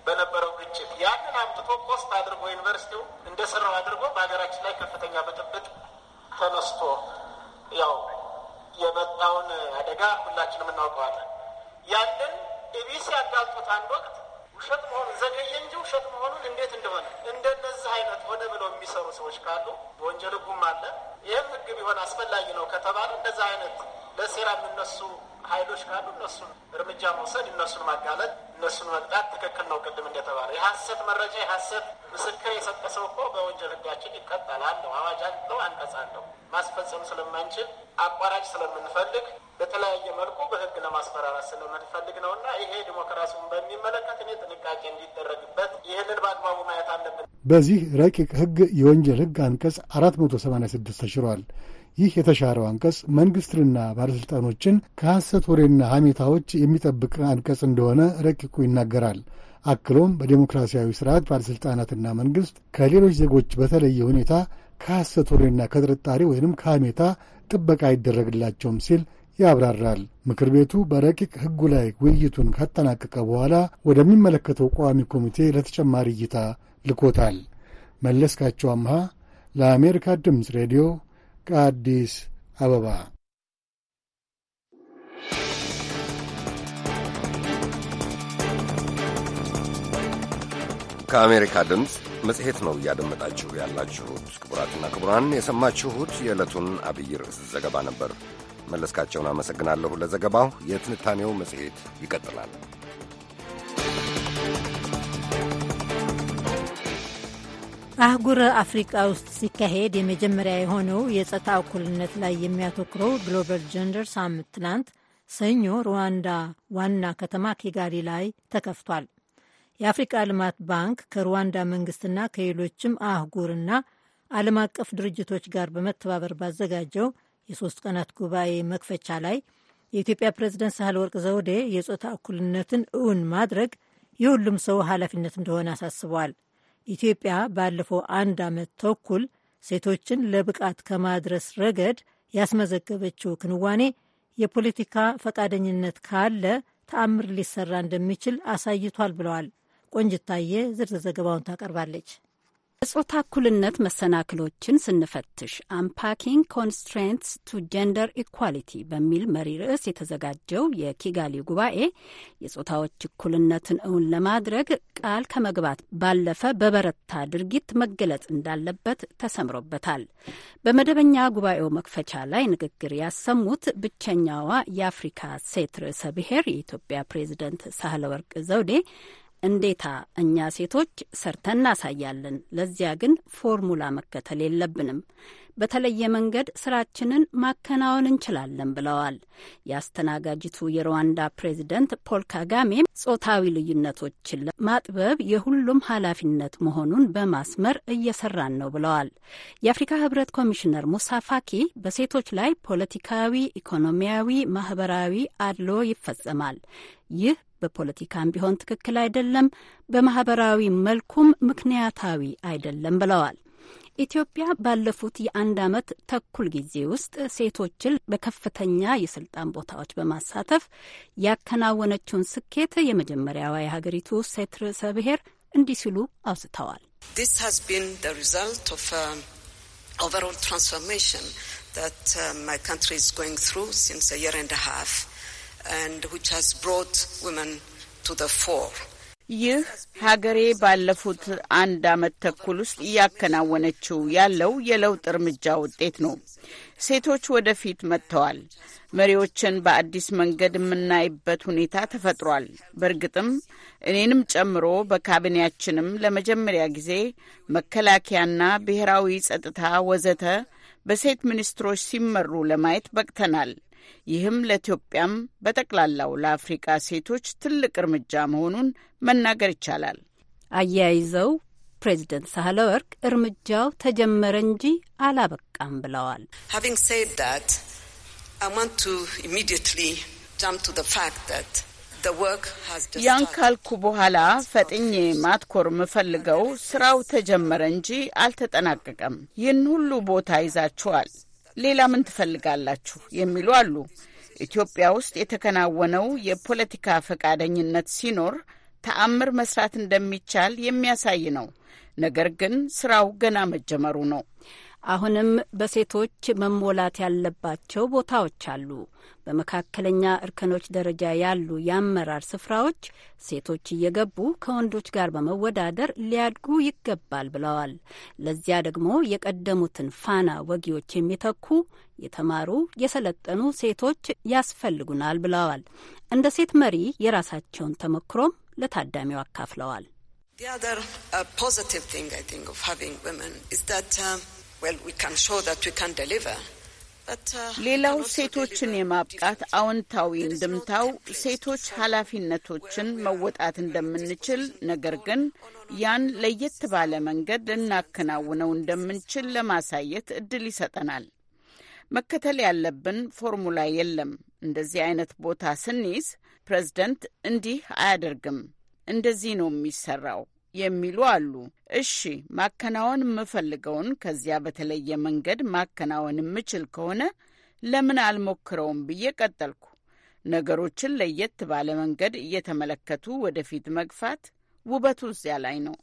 በነበረው ግጭት ያንን አምጥቶ ፖስት አድርጎ ዩኒቨርሲቲው እንደሰራው አድርጎ በሀገራችን ላይ ከፍተኛ ብጥብጥ ተነስቶ ያው የመጣውን አደጋ ሁላችንም እናውቀዋለን። ያንን ኢቢሲ ያጋልጡት አንድ ወቅት ውሸት መሆኑን ዘገየ እንጂ ውሸት መሆኑን እንዴት እንደሆነ እንደነዚህ አይነት ሆነ ብለው የሚሰሩ ሰዎች ካሉ በወንጀል ሕጉም አለ። ይህም ሕግ ቢሆን አስፈላጊ ነው ከተባለ እንደዚህ አይነት ለሴራ የሚነሱ ኃይሎች ካሉ እነሱን እርምጃ መውሰድ፣ እነሱን ማጋለጥ፣ እነሱን መቅጣት ትክክል ነው። ቅድም እንደተባለ የሀሰት መረጃ የሀሰት ምስክር የሰጠ ሰው እኮ በወንጀል ሕጋችን ይቀጣል አለው አዋጅ አለው አንቀጽ አለው። ማስፈጸም ስለማንችል አቋራጭ ስለምንፈልግ በተለያየ መልኩ በህግ ለማስፈራራት ስለምንፈልግ ነው እና ይሄ ዲሞክራሲውን በሚመለከት እኔ ጥንቃቄ እንዲደረግበት ይህንን በአግባቡ ማየት አለብን። በዚህ ረቂቅ ህግ የወንጀል ህግ አንቀጽ ስድስት ተሽሯል። ይህ የተሻረው አንቀጽ መንግሥትንና ባለሥልጣኖችን ከሐሰት ወሬና ሐሜታዎች የሚጠብቅ አንቀጽ እንደሆነ ረቂቁ ይናገራል። አክሎም በዴሞክራሲያዊ ሥርዓት ባለሥልጣናትና መንግሥት ከሌሎች ዜጎች በተለየ ሁኔታ ከሐሰት ወሬና ከጥርጣሬ ወይንም ከሐሜታ ጥበቃ አይደረግላቸውም ሲል ያብራራል። ምክር ቤቱ በረቂቅ ሕጉ ላይ ውይይቱን ካጠናቀቀ በኋላ ወደሚመለከተው ቋሚ ኮሚቴ ለተጨማሪ እይታ ልኮታል። መለስካቸው አምሃ ለአሜሪካ ድምፅ ሬዲዮ ከአዲስ አበባ። ከአሜሪካ ድምፅ መጽሔት ነው እያደመጣችሁ ያላችሁት። ክቡራትና ክቡራን የሰማችሁት የዕለቱን አብይ ርዕስ ዘገባ ነበር። መለስካቸውን አመሰግናለሁ ለዘገባው። የትንታኔው መጽሔት ይቀጥላል። አህጉር አፍሪቃ ውስጥ ሲካሄድ የመጀመሪያ የሆነው የጸታ እኩልነት ላይ የሚያተኩረው ግሎባል ጀንደር ሳምንት ትናንት ሰኞ ሩዋንዳ ዋና ከተማ ኪጋሊ ላይ ተከፍቷል። የአፍሪቃ ልማት ባንክ ከሩዋንዳ መንግስትና ከሌሎችም አህጉርና ዓለም አቀፍ ድርጅቶች ጋር በመተባበር ባዘጋጀው የሶስት ቀናት ጉባኤ መክፈቻ ላይ የኢትዮጵያ ፕሬዝደንት ወርቅ ዘውዴ የጾታ እኩልነትን እውን ማድረግ የሁሉም ሰው ኃላፊነት እንደሆነ አሳስበዋል። ኢትዮጵያ ባለፈው አንድ ዓመት ተኩል ሴቶችን ለብቃት ከማድረስ ረገድ ያስመዘገበችው ክንዋኔ የፖለቲካ ፈቃደኝነት ካለ ተአምር ሊሰራ እንደሚችል አሳይቷል ብለዋል። ቆንጅታዬ ዝርዝር ዘገባውን ታቀርባለች። የጾታ እኩልነት መሰናክሎችን ስንፈትሽ አምፓኪንግ ኮንስትሬንትስ ቱ ጀንደር ኢኳሊቲ በሚል መሪ ርዕስ የተዘጋጀው የኪጋሊ ጉባኤ የጾታዎች እኩልነትን እውን ለማድረግ ቃል ከመግባት ባለፈ በበረታ ድርጊት መገለጽ እንዳለበት ተሰምሮበታል። በመደበኛ ጉባኤው መክፈቻ ላይ ንግግር ያሰሙት ብቸኛዋ የአፍሪካ ሴት ርዕሰ ብሔር የኢትዮጵያ ፕሬዝደንት ወርቅ ዘውዴ እንዴታ እኛ ሴቶች ሰርተን እናሳያለን። ለዚያ ግን ፎርሙላ መከተል የለብንም። በተለየ መንገድ ስራችንን ማከናወን እንችላለን ብለዋል። የአስተናጋጅቱ የሩዋንዳ ፕሬዚደንት ፖል ካጋሜም ጾታዊ ልዩነቶችን ለማጥበብ የሁሉም ኃላፊነት መሆኑን በማስመር እየሰራን ነው ብለዋል። የአፍሪካ ህብረት ኮሚሽነር ሙሳ ፋኪ በሴቶች ላይ ፖለቲካዊ፣ ኢኮኖሚያዊ፣ ማህበራዊ አድሎ ይፈጸማል። ይህ በፖለቲካም ቢሆን ትክክል አይደለም፣ በማህበራዊ መልኩም ምክንያታዊ አይደለም ብለዋል። ኢትዮጵያ ባለፉት የአንድ ዓመት ተኩል ጊዜ ውስጥ ሴቶችን በከፍተኛ የስልጣን ቦታዎች በማሳተፍ ያከናወነችውን ስኬት የመጀመሪያዋ የሀገሪቱ ሴት ርዕሰ ብሔር እንዲህ ሲሉ አውስተዋል። ኦቨርኦል ትራንስፎርሜሽን ማይ ካንትሪ ኢዝ ጎይንግ ትሩ ሲንስ የር ኤንድ ሃፍ and which has brought women to the fore. ይህ ሀገሬ ባለፉት አንድ አመት ተኩል ውስጥ እያከናወነችው ያለው የለውጥ እርምጃ ውጤት ነው። ሴቶች ወደፊት መጥተዋል። መሪዎችን በአዲስ መንገድ የምናይበት ሁኔታ ተፈጥሯል። በእርግጥም እኔንም ጨምሮ በካቢኔያችንም ለመጀመሪያ ጊዜ መከላከያና ብሔራዊ ጸጥታ ወዘተ በሴት ሚኒስትሮች ሲመሩ ለማየት በቅተናል። ይህም ለኢትዮጵያም በጠቅላላው ለአፍሪቃ ሴቶች ትልቅ እርምጃ መሆኑን መናገር ይቻላል። አያይዘው ፕሬዚደንት ሳህለ ወርቅ እርምጃው ተጀመረ እንጂ አላበቃም ብለዋል። ያን ካልኩ በኋላ ፈጥኜ ማትኮር የምፈልገው ስራው ተጀመረ እንጂ አልተጠናቀቀም። ይህን ሁሉ ቦታ ይዛችኋል። ሌላ ምን ትፈልጋላችሁ የሚሉ አሉ። ኢትዮጵያ ውስጥ የተከናወነው የፖለቲካ ፈቃደኝነት ሲኖር ተአምር መስራት እንደሚቻል የሚያሳይ ነው። ነገር ግን ስራው ገና መጀመሩ ነው። አሁንም በሴቶች መሞላት ያለባቸው ቦታዎች አሉ። በመካከለኛ እርከኖች ደረጃ ያሉ የአመራር ስፍራዎች ሴቶች እየገቡ ከወንዶች ጋር በመወዳደር ሊያድጉ ይገባል ብለዋል። ለዚያ ደግሞ የቀደሙትን ፋና ወጊዎች የሚተኩ የተማሩ፣ የሰለጠኑ ሴቶች ያስፈልጉናል ብለዋል። እንደ ሴት መሪ የራሳቸውን ተመክሮም ለታዳሚው አካፍለዋል። Uh, ሌላው ሴቶችን የማብቃት አዎንታዊ እንድምታው ሴቶች ኃላፊነቶችን መወጣት እንደምንችል ነገር ግን ያን ለየት ባለ መንገድ ልናከናውነው እንደምንችል ለማሳየት እድል ይሰጠናል። መከተል ያለብን ፎርሙላ የለም። እንደዚህ አይነት ቦታ ስንይዝ ፕሬዝደንት እንዲህ አያደርግም፣ እንደዚህ ነው የሚሰራው የሚሉ አሉ። እሺ ማከናወን የምፈልገውን ከዚያ በተለየ መንገድ ማከናወን የምችል ከሆነ ለምን አልሞክረውም ብዬ ቀጠልኩ። ነገሮችን ለየት ባለ መንገድ እየተመለከቱ ወደፊት መግፋት ውበቱ እዚያ ላይ ነው።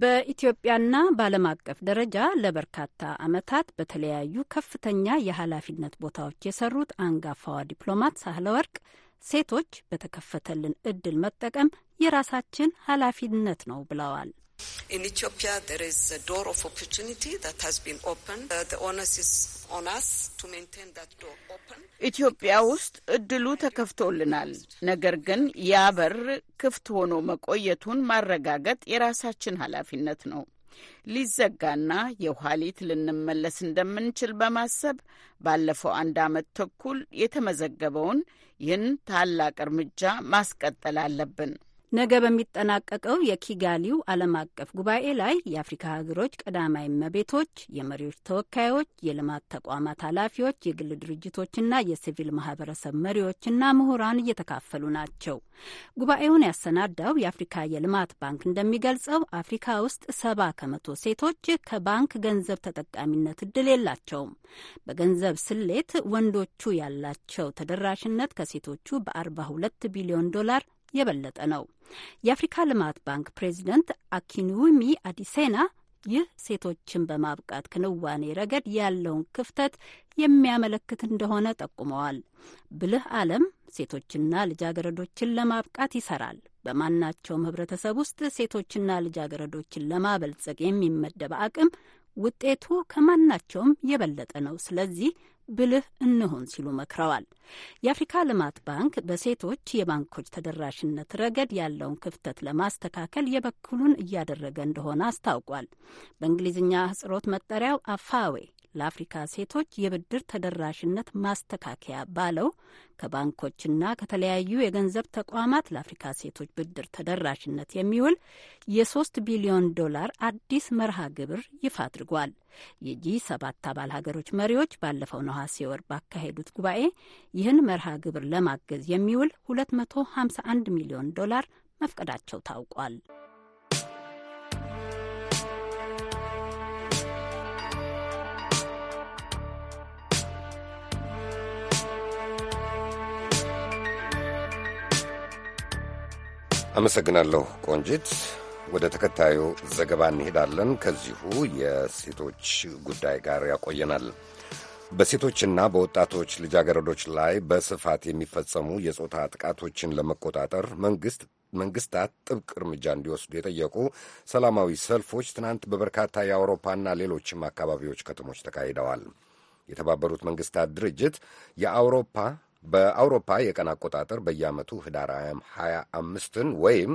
በኢትዮጵያና በዓለም አቀፍ ደረጃ ለበርካታ ዓመታት በተለያዩ ከፍተኛ የኃላፊነት ቦታዎች የሰሩት አንጋፋዋ ዲፕሎማት ሳህለወርቅ ሴቶች በተከፈተልን እድል መጠቀም የራሳችን ኃላፊነት ነው ብለዋል። In Ethiopia, there is a door of opportunity that has been opened. Uh, the onus is on us to maintain that door open. ኢትዮጵያ ውስጥ እድሉ ተከፍቶልናል። ነገር ግን ያ በር ክፍት ሆኖ መቆየቱን ማረጋገጥ የራሳችን ኃላፊነት ነው። ሊዘጋና የኋሊት ልንመለስ እንደምንችል በማሰብ ባለፈው አንድ ዓመት ተኩል የተመዘገበውን ይህን ታላቅ እርምጃ ማስቀጠል አለብን። ነገ በሚጠናቀቀው የኪጋሊው ዓለም አቀፍ ጉባኤ ላይ የአፍሪካ ሀገሮች ቀዳማይ እመቤቶች፣ የመሪዎች ተወካዮች፣ የልማት ተቋማት ኃላፊዎች፣ የግል ድርጅቶችና የሲቪል ማህበረሰብ መሪዎችና ምሁራን እየተካፈሉ ናቸው። ጉባኤውን ያሰናዳው የአፍሪካ የልማት ባንክ እንደሚገልጸው አፍሪካ ውስጥ ሰባ ከመቶ ሴቶች ከባንክ ገንዘብ ተጠቃሚነት እድል የላቸውም። በገንዘብ ስሌት ወንዶቹ ያላቸው ተደራሽነት ከሴቶቹ በአርባ ሁለት ቢሊዮን ዶላር የበለጠ ነው። የአፍሪካ ልማት ባንክ ፕሬዚደንት አኪንዊሚ አዲሴና ይህ ሴቶችን በማብቃት ክንዋኔ ረገድ ያለውን ክፍተት የሚያመለክት እንደሆነ ጠቁመዋል። ብልህ ዓለም ሴቶችና ልጃገረዶችን ለማብቃት ይሰራል። በማናቸውም ህብረተሰብ ውስጥ ሴቶችና ልጃገረዶችን ለማበልጸግ የሚመደበ አቅም ውጤቱ ከማናቸውም የበለጠ ነው። ስለዚህ ብልህ እንሆን ሲሉ መክረዋል። የአፍሪካ ልማት ባንክ በሴቶች የባንኮች ተደራሽነት ረገድ ያለውን ክፍተት ለማስተካከል የበኩሉን እያደረገ እንደሆነ አስታውቋል። በእንግሊዝኛ ሕጽሮት መጠሪያው አፋዌ ለአፍሪካ ሴቶች የብድር ተደራሽነት ማስተካከያ ባለው ከባንኮችና ከተለያዩ የገንዘብ ተቋማት ለአፍሪካ ሴቶች ብድር ተደራሽነት የሚውል የሶስት ቢሊዮን ዶላር አዲስ መርሃ ግብር ይፋ አድርጓል። የጂ ሰባት አባል ሀገሮች መሪዎች ባለፈው ነሐሴ ወር ባካሄዱት ጉባኤ ይህን መርሃ ግብር ለማገዝ የሚውል 251 ሚሊዮን ዶላር መፍቀዳቸው ታውቋል። አመሰግናለሁ ቆንጂት። ወደ ተከታዩ ዘገባ እንሄዳለን። ከዚሁ የሴቶች ጉዳይ ጋር ያቆየናል። በሴቶችና በወጣቶች ልጃገረዶች ላይ በስፋት የሚፈጸሙ የጾታ ጥቃቶችን ለመቆጣጠር መንግስት መንግስታት ጥብቅ እርምጃ እንዲወስዱ የጠየቁ ሰላማዊ ሰልፎች ትናንት በበርካታ የአውሮፓና ሌሎችም አካባቢዎች ከተሞች ተካሂደዋል። የተባበሩት መንግስታት ድርጅት የአውሮፓ በአውሮፓ የቀን አቆጣጠር በየዓመቱ ህዳር 25ን ወይም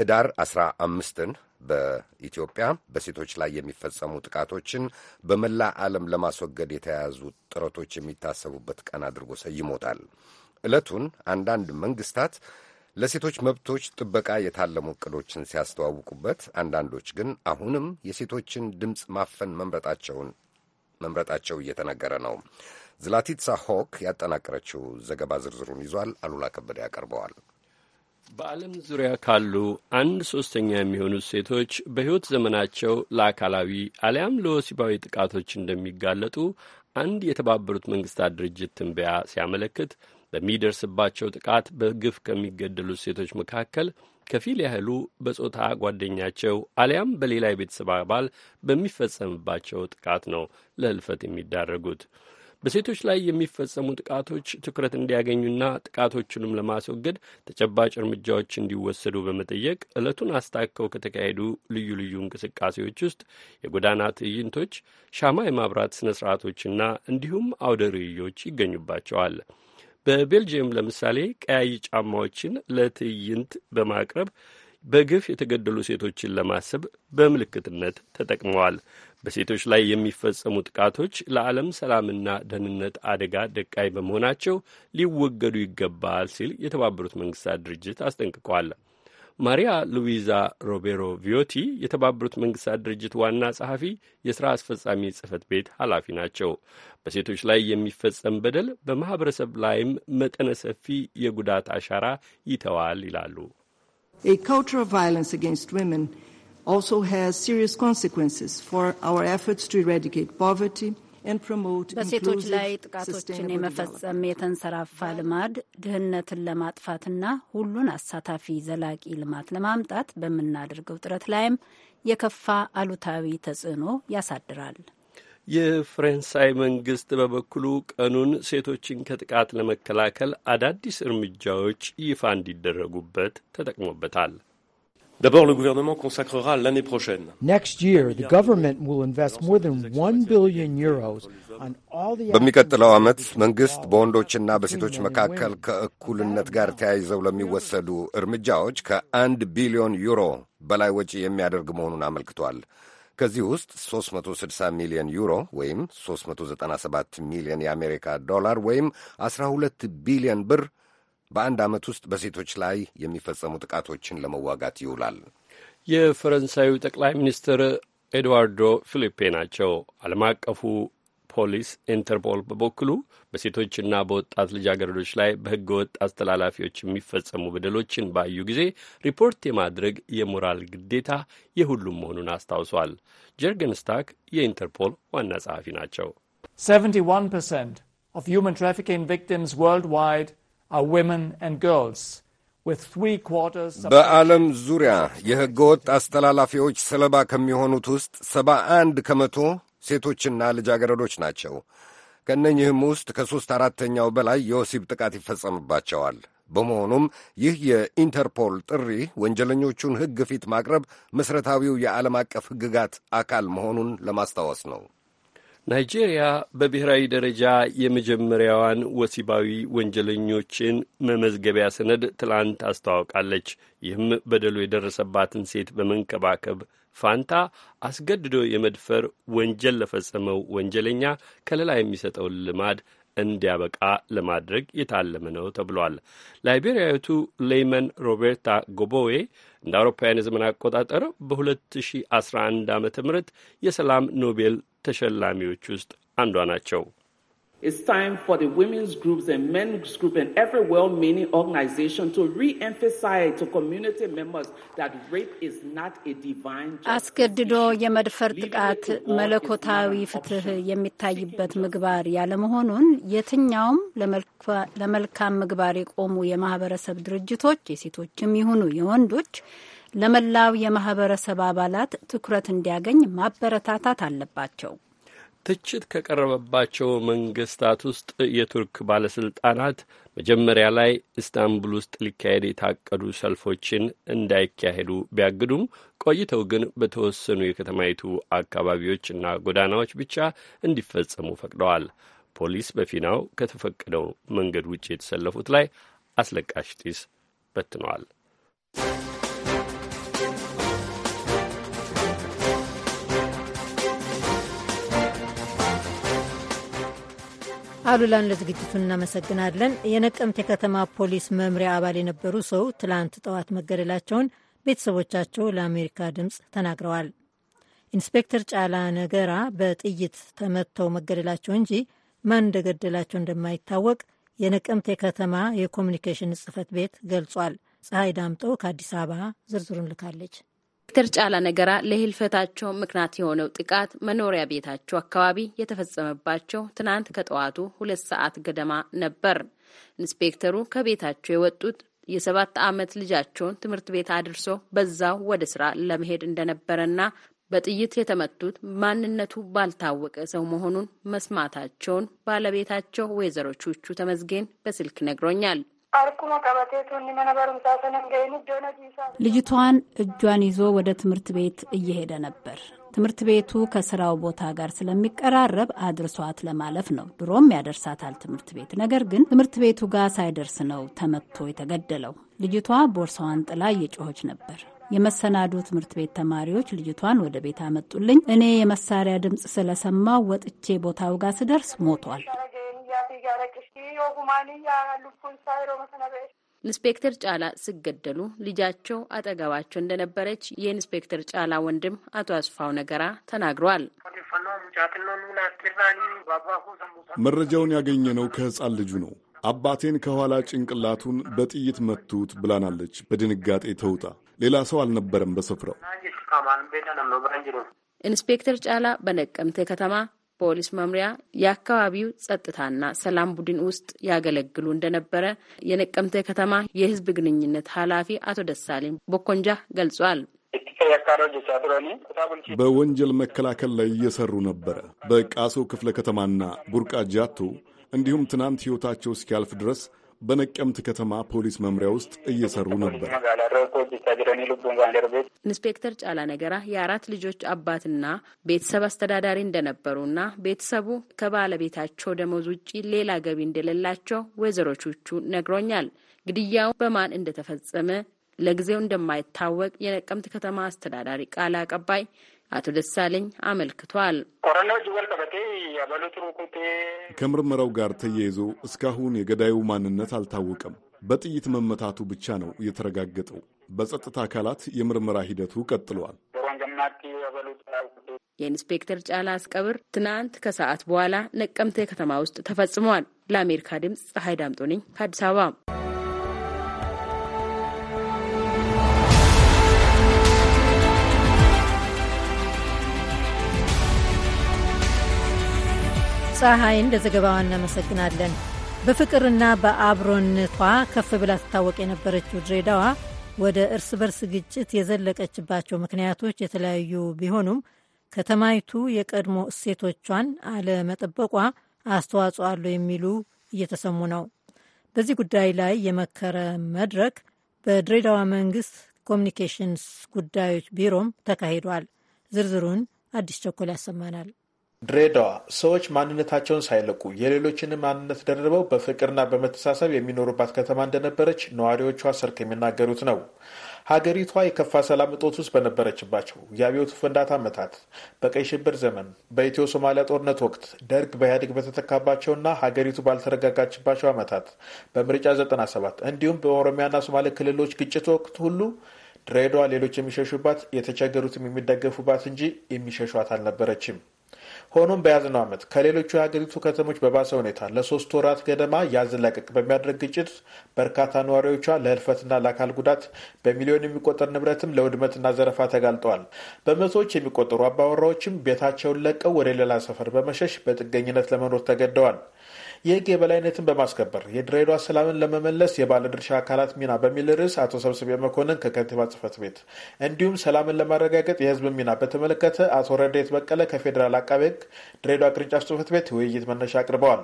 ህዳር 15ን በኢትዮጵያ በሴቶች ላይ የሚፈጸሙ ጥቃቶችን በመላ ዓለም ለማስወገድ የተያያዙ ጥረቶች የሚታሰቡበት ቀን አድርጎ ሰይሞታል። ዕለቱን አንዳንድ መንግስታት ለሴቶች መብቶች ጥበቃ የታለሙ እቅዶችን ሲያስተዋውቁበት፣ አንዳንዶች ግን አሁንም የሴቶችን ድምፅ ማፈን መምረጣቸውን መምረጣቸው እየተነገረ ነው። ዝላቲትሳ ሆክ ያጠናቀረችው ዘገባ ዝርዝሩን ይዟል። አሉላ ከበደ ያቀርበዋል። በዓለም ዙሪያ ካሉ አንድ ሶስተኛ የሚሆኑት ሴቶች በሕይወት ዘመናቸው ለአካላዊ አሊያም ለወሲባዊ ጥቃቶች እንደሚጋለጡ አንድ የተባበሩት መንግስታት ድርጅት ትንበያ ሲያመለክት በሚደርስባቸው ጥቃት በግፍ ከሚገደሉት ሴቶች መካከል ከፊል ያህሉ በጾታ ጓደኛቸው አሊያም በሌላ የቤተሰብ አባል በሚፈጸምባቸው ጥቃት ነው ለህልፈት የሚዳረጉት። በሴቶች ላይ የሚፈጸሙ ጥቃቶች ትኩረት እንዲያገኙና ጥቃቶቹንም ለማስወገድ ተጨባጭ እርምጃዎች እንዲወሰዱ በመጠየቅ ዕለቱን አስታከው ከተካሄዱ ልዩ ልዩ እንቅስቃሴዎች ውስጥ የጎዳና ትዕይንቶች፣ ሻማ የማብራት ስነ ስርዓቶችና እንዲሁም አውደ ርዕዮች ይገኙባቸዋል። በቤልጅየም ለምሳሌ ቀያይ ጫማዎችን ለትዕይንት በማቅረብ በግፍ የተገደሉ ሴቶችን ለማሰብ በምልክትነት ተጠቅመዋል። በሴቶች ላይ የሚፈጸሙ ጥቃቶች ለዓለም ሰላምና ደህንነት አደጋ ደቃይ በመሆናቸው ሊወገዱ ይገባል ሲል የተባበሩት መንግስታት ድርጅት አስጠንቅቋል። ማሪያ ሉዊዛ ሮቤሮ ቪዮቲ የተባበሩት መንግስታት ድርጅት ዋና ጸሐፊ የሥራ አስፈጻሚ ጽህፈት ቤት ኃላፊ ናቸው። በሴቶች ላይ የሚፈጸም በደል በማኅበረሰብ ላይም መጠነ ሰፊ የጉዳት አሻራ ይተዋል ይላሉ። A culture of violence against women also has serious consequences for our efforts to eradicate poverty በሴቶች ላይ ጥቃቶችን የመፈጸም የተንሰራፋ ልማድ ድህነትን ለማጥፋትና ሁሉን አሳታፊ ዘላቂ ልማት ለማምጣት በምናደርገው ጥረት ላይም የከፋ አሉታዊ ተጽዕኖ ያሳድራል። የፈረንሳይ መንግስት በበኩሉ ቀኑን ሴቶችን ከጥቃት ለመከላከል አዳዲስ እርምጃዎች ይፋ እንዲደረጉበት ተጠቅሞበታል። D'abord, le gouvernement consacrera l'année prochaine. Next year, the government will invest more than 1 billion euros on all the በሚቀጥለው ዓመት መንግሥት በወንዶችና በሴቶች መካከል ከእኩልነት ጋር ተያይዘው ለሚወሰዱ እርምጃዎች ከአንድ ቢሊዮን ዩሮ በላይ ወጪ የሚያደርግ መሆኑን አመልክቷል። ከዚህ ውስጥ 360 ሚሊዮን ዩሮ ወይም 397 ሚሊዮን የአሜሪካ ዶላር ወይም 12 ቢሊዮን ብር በአንድ ዓመት ውስጥ በሴቶች ላይ የሚፈጸሙ ጥቃቶችን ለመዋጋት ይውላል። የፈረንሳዩ ጠቅላይ ሚኒስትር ኤድዋርዶ ፊሊፔ ናቸው። ዓለም አቀፉ ፖሊስ ኢንተርፖል በበኩሉ በሴቶችና በወጣት ልጃገረዶች ላይ በሕገ ወጥ አስተላላፊዎች የሚፈጸሙ በደሎችን ባዩ ጊዜ ሪፖርት የማድረግ የሞራል ግዴታ የሁሉም መሆኑን አስታውሷል። ጀርገን ስታክ የኢንተርፖል ዋና ጸሐፊ ናቸው። 71% of human trafficking victims worldwide are women and girls. በዓለም ዙሪያ የሕገ ወጥ አስተላላፊዎች ሰለባ ከሚሆኑት ውስጥ ሰባ አንድ ከመቶ ሴቶችና ልጃገረዶች ናቸው። ከእነኚህም ውስጥ ከሦስት አራተኛው በላይ የወሲብ ጥቃት ይፈጸምባቸዋል። በመሆኑም ይህ የኢንተርፖል ጥሪ ወንጀለኞቹን ሕግ ፊት ማቅረብ መሠረታዊው የዓለም አቀፍ ሕግጋት አካል መሆኑን ለማስታወስ ነው። ናይጄሪያ በብሔራዊ ደረጃ የመጀመሪያዋን ወሲባዊ ወንጀለኞችን መመዝገቢያ ሰነድ ትላንት አስተዋውቃለች። ይህም በደሉ የደረሰባትን ሴት በመንከባከብ ፋንታ አስገድዶ የመድፈር ወንጀል ለፈጸመው ወንጀለኛ ከለላ የሚሰጠውን ልማድ እንዲያበቃ ለማድረግ የታለመ ነው ተብሏል። ላይቤሪያዊቱ ሌይመን ሮቤርታ ጎቦዌ እንደ አውሮፓውያን የዘመን አቆጣጠር በ2011 ዓ ም የሰላም ኖቤል ተሸላሚዎች ውስጥ አንዷ ናቸው። It's time for the women's groups and men's groups and every well-meaning organization to re-emphasize to community members that rape is not a divine justice. አስገድዶ የመድፈር ጥቃት መለኮታዊ ፍትህ የሚታይበት ምግባር ያለመሆኑን የትኛውም ለመልካም ምግባር የቆሙ የማህበረሰብ ድርጅቶች የሴቶችም ይሁኑ የወንዶች ለመላው የማህበረሰብ አባላት ትኩረት እንዲያገኝ ማበረታታት አለባቸው። ትችት ከቀረበባቸው መንግስታት ውስጥ የቱርክ ባለስልጣናት መጀመሪያ ላይ ኢስታንቡል ውስጥ ሊካሄድ የታቀዱ ሰልፎችን እንዳይካሄዱ ቢያግዱም ቆይተው ግን በተወሰኑ የከተማይቱ አካባቢዎች እና ጎዳናዎች ብቻ እንዲፈጸሙ ፈቅደዋል። ፖሊስ በፊናው ከተፈቀደው መንገድ ውጭ የተሰለፉት ላይ አስለቃሽ ጢስ በትነዋል። አሉላን ለዝግጅቱ እናመሰግናለን። የነቀምቴ የከተማ ፖሊስ መምሪያ አባል የነበሩ ሰው ትላንት ጠዋት መገደላቸውን ቤተሰቦቻቸው ለአሜሪካ ድምፅ ተናግረዋል። ኢንስፔክተር ጫላ ነገራ በጥይት ተመተው መገደላቸው እንጂ ማን እንደገደላቸው እንደማይታወቅ የነቀምት የከተማ የኮሚኒኬሽን ጽህፈት ቤት ገልጿል። ፀሐይ ዳምጠው ከአዲስ አበባ ዝርዝሩን ልካለች። ዶክተር ጫላ ነገራ ለህልፈታቸው ምክንያት የሆነው ጥቃት መኖሪያ ቤታቸው አካባቢ የተፈጸመባቸው ትናንት ከጠዋቱ ሁለት ሰዓት ገደማ ነበር። ኢንስፔክተሩ ከቤታቸው የወጡት የሰባት ዓመት ልጃቸውን ትምህርት ቤት አድርሶ በዛው ወደ ስራ ለመሄድ እንደነበረና በጥይት የተመቱት ማንነቱ ባልታወቀ ሰው መሆኑን መስማታቸውን ባለቤታቸው ወይዘሮ ቹቹ ተመዝጌን በስልክ ነግሮኛል። ልጅቷን እጇን ይዞ ወደ ትምህርት ቤት እየሄደ ነበር። ትምህርት ቤቱ ከስራው ቦታ ጋር ስለሚቀራረብ አድርሷት ለማለፍ ነው። ድሮም ያደርሳታል ትምህርት ቤት። ነገር ግን ትምህርት ቤቱ ጋር ሳይደርስ ነው ተመትቶ የተገደለው። ልጅቷ ቦርሳዋን ጥላ እየጮኸች ነበር። የመሰናዶ ትምህርት ቤት ተማሪዎች ልጅቷን ወደ ቤት አመጡልኝ። እኔ የመሳሪያ ድምፅ ስለሰማው ወጥቼ ቦታው ጋር ስደርስ ሞቷል። ኢንስፔክተር ጫላ ሲገደሉ ልጃቸው አጠገባቸው እንደነበረች የኢንስፔክተር ጫላ ወንድም አቶ አስፋው ነገራ ተናግረዋል። መረጃውን ያገኘነው ከህፃን ልጁ ነው። አባቴን ከኋላ ጭንቅላቱን በጥይት መቱት ብላናለች። በድንጋጤ ተውጣ፣ ሌላ ሰው አልነበረም በስፍራው። ኢንስፔክተር ጫላ በነቀምቴ ከተማ ፖሊስ መምሪያ የአካባቢው ጸጥታና ሰላም ቡድን ውስጥ ያገለግሉ እንደነበረ የነቀምተ ከተማ የህዝብ ግንኙነት ኃላፊ አቶ ደሳሌን ቦኮንጃ ገልጿል። በወንጀል መከላከል ላይ እየሰሩ ነበረ። በቃሶ ክፍለ ከተማና ቡርቃ ጃቶ እንዲሁም ትናንት ሕይወታቸው እስኪያልፍ ድረስ በነቀምት ከተማ ፖሊስ መምሪያ ውስጥ እየሰሩ ነበር። ኢንስፔክተር ጫላ ነገራ የአራት ልጆች አባትና ቤተሰብ አስተዳዳሪ እንደነበሩና ቤተሰቡ ከባለቤታቸው ደሞዝ ውጪ ሌላ ገቢ እንደሌላቸው ወይዘሮቹ ነግሮኛል። ግድያው በማን እንደተፈጸመ ለጊዜው እንደማይታወቅ የነቀምት ከተማ አስተዳዳሪ ቃል አቀባይ አቶ ደሳለኝ አመልክቷል። ከምርመራው ጋር ተያይዞ እስካሁን የገዳዩ ማንነት አልታወቀም። በጥይት መመታቱ ብቻ ነው የተረጋገጠው። በጸጥታ አካላት የምርመራ ሂደቱ ቀጥሏል። የኢንስፔክተር ጫላ አስቀብር ትናንት ከሰዓት በኋላ ነቀምቴ ከተማ ውስጥ ተፈጽመዋል። ለአሜሪካ ድምፅ ፀሐይ ዳምጦ ነኝ ከአዲስ አበባ ፀሐይን ለዘገባዋ እናመሰግናለን። በፍቅርና በአብሮነቷ ከፍ ብላ ትታወቅ የነበረችው ድሬዳዋ ወደ እርስ በርስ ግጭት የዘለቀችባቸው ምክንያቶች የተለያዩ ቢሆኑም ከተማይቱ የቀድሞ እሴቶቿን አለመጠበቋ አስተዋጽኦ አለው የሚሉ እየተሰሙ ነው። በዚህ ጉዳይ ላይ የመከረ መድረክ በድሬዳዋ መንግስት ኮሚኒኬሽንስ ጉዳዮች ቢሮም ተካሂዷል። ዝርዝሩን አዲስ ቸኮል ያሰማናል። ድሬዳዋ ሰዎች ማንነታቸውን ሳይለቁ የሌሎችንም ማንነት ደርበው በፍቅርና በመተሳሰብ የሚኖሩባት ከተማ እንደነበረች ነዋሪዎቿ ሰርክ የሚናገሩት ነው። ሀገሪቷ የከፋ ሰላም እጦት ውስጥ በነበረችባቸው የአብዮቱ ፍንዳት ዓመታት፣ በቀይ ሽብር ዘመን፣ በኢትዮ ሶማሊያ ጦርነት ወቅት፣ ደርግ በኢህአዴግ በተተካባቸውና ሀገሪቱ ባልተረጋጋችባቸው ዓመታት፣ በምርጫ 97 እንዲሁም በኦሮሚያና ሶማሌ ክልሎች ግጭት ወቅት ሁሉ ድሬዳዋ ሌሎች የሚሸሹባት የተቸገሩትም የሚደገፉባት እንጂ የሚሸሿት አልነበረችም። ሆኖም በያዝነው ዓመት ከሌሎቹ የሀገሪቱ ከተሞች በባሰ ሁኔታ ለሶስት ወራት ገደማ ያዝ በሚያደርግ ግጭት በርካታ ነዋሪዎቿ ለህልፈትና ለአካል ጉዳት በሚሊዮን የሚቆጠር ንብረትም ለውድመትና ዘረፋ ተጋልጠዋል። በመቶዎች የሚቆጠሩ አባወራዎችም ቤታቸውን ለቀው ወደ ሌላ ሰፈር በመሸሽ በጥገኝነት ለመኖር ተገደዋል። የህግ የበላይነትን በማስከበር የድሬዳዋ ሰላምን ለመመለስ የባለድርሻ አካላት ሚና በሚል ርዕስ አቶ ሰብስቤ መኮንን ከከንቲባ ጽህፈት ቤት እንዲሁም ሰላምን ለማረጋገጥ የህዝብ ሚና በተመለከተ አቶ ረዴት በቀለ ከፌዴራል አቃቤ ህግ ድሬዳዋ ቅርንጫፍ ጽህፈት ቤት ውይይት መነሻ አቅርበዋል።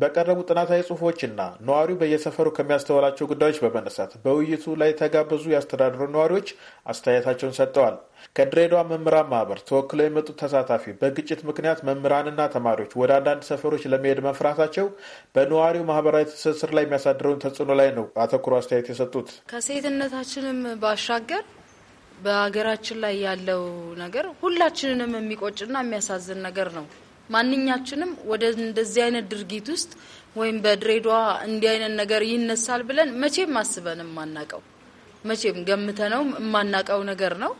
በቀረቡ ጥናታዊ ጽሁፎችና ነዋሪው በየሰፈሩ ከሚያስተውላቸው ጉዳዮች በመነሳት በውይይቱ ላይ የተጋበዙ የአስተዳደሩ ነዋሪዎች አስተያየታቸውን ሰጥተዋል። ከድሬዳዋ መምህራን ማህበር ተወክለው የመጡት ተሳታፊ በግጭት ምክንያት መምህራንና ተማሪዎች ወደ አንዳንድ ሰፈሮች ለመሄድ መፍራታቸው በነዋሪው ማህበራዊ ትስስር ላይ የሚያሳድረውን ተጽዕኖ ላይ ነው አተኩሮ አስተያየት የሰጡት። ከሴትነታችንም ባሻገር በሀገራችን ላይ ያለው ነገር ሁላችንንም የሚቆጭና የሚያሳዝን ነገር ነው። ማንኛችንም ወደ እንደዚህ አይነት ድርጊት ውስጥ ወይም በድሬዳዋ እንዲህ አይነት ነገር ይነሳል ብለን መቼም አስበን የማናቀው መቼም ገምተነው የማናቀው ነገር ነው።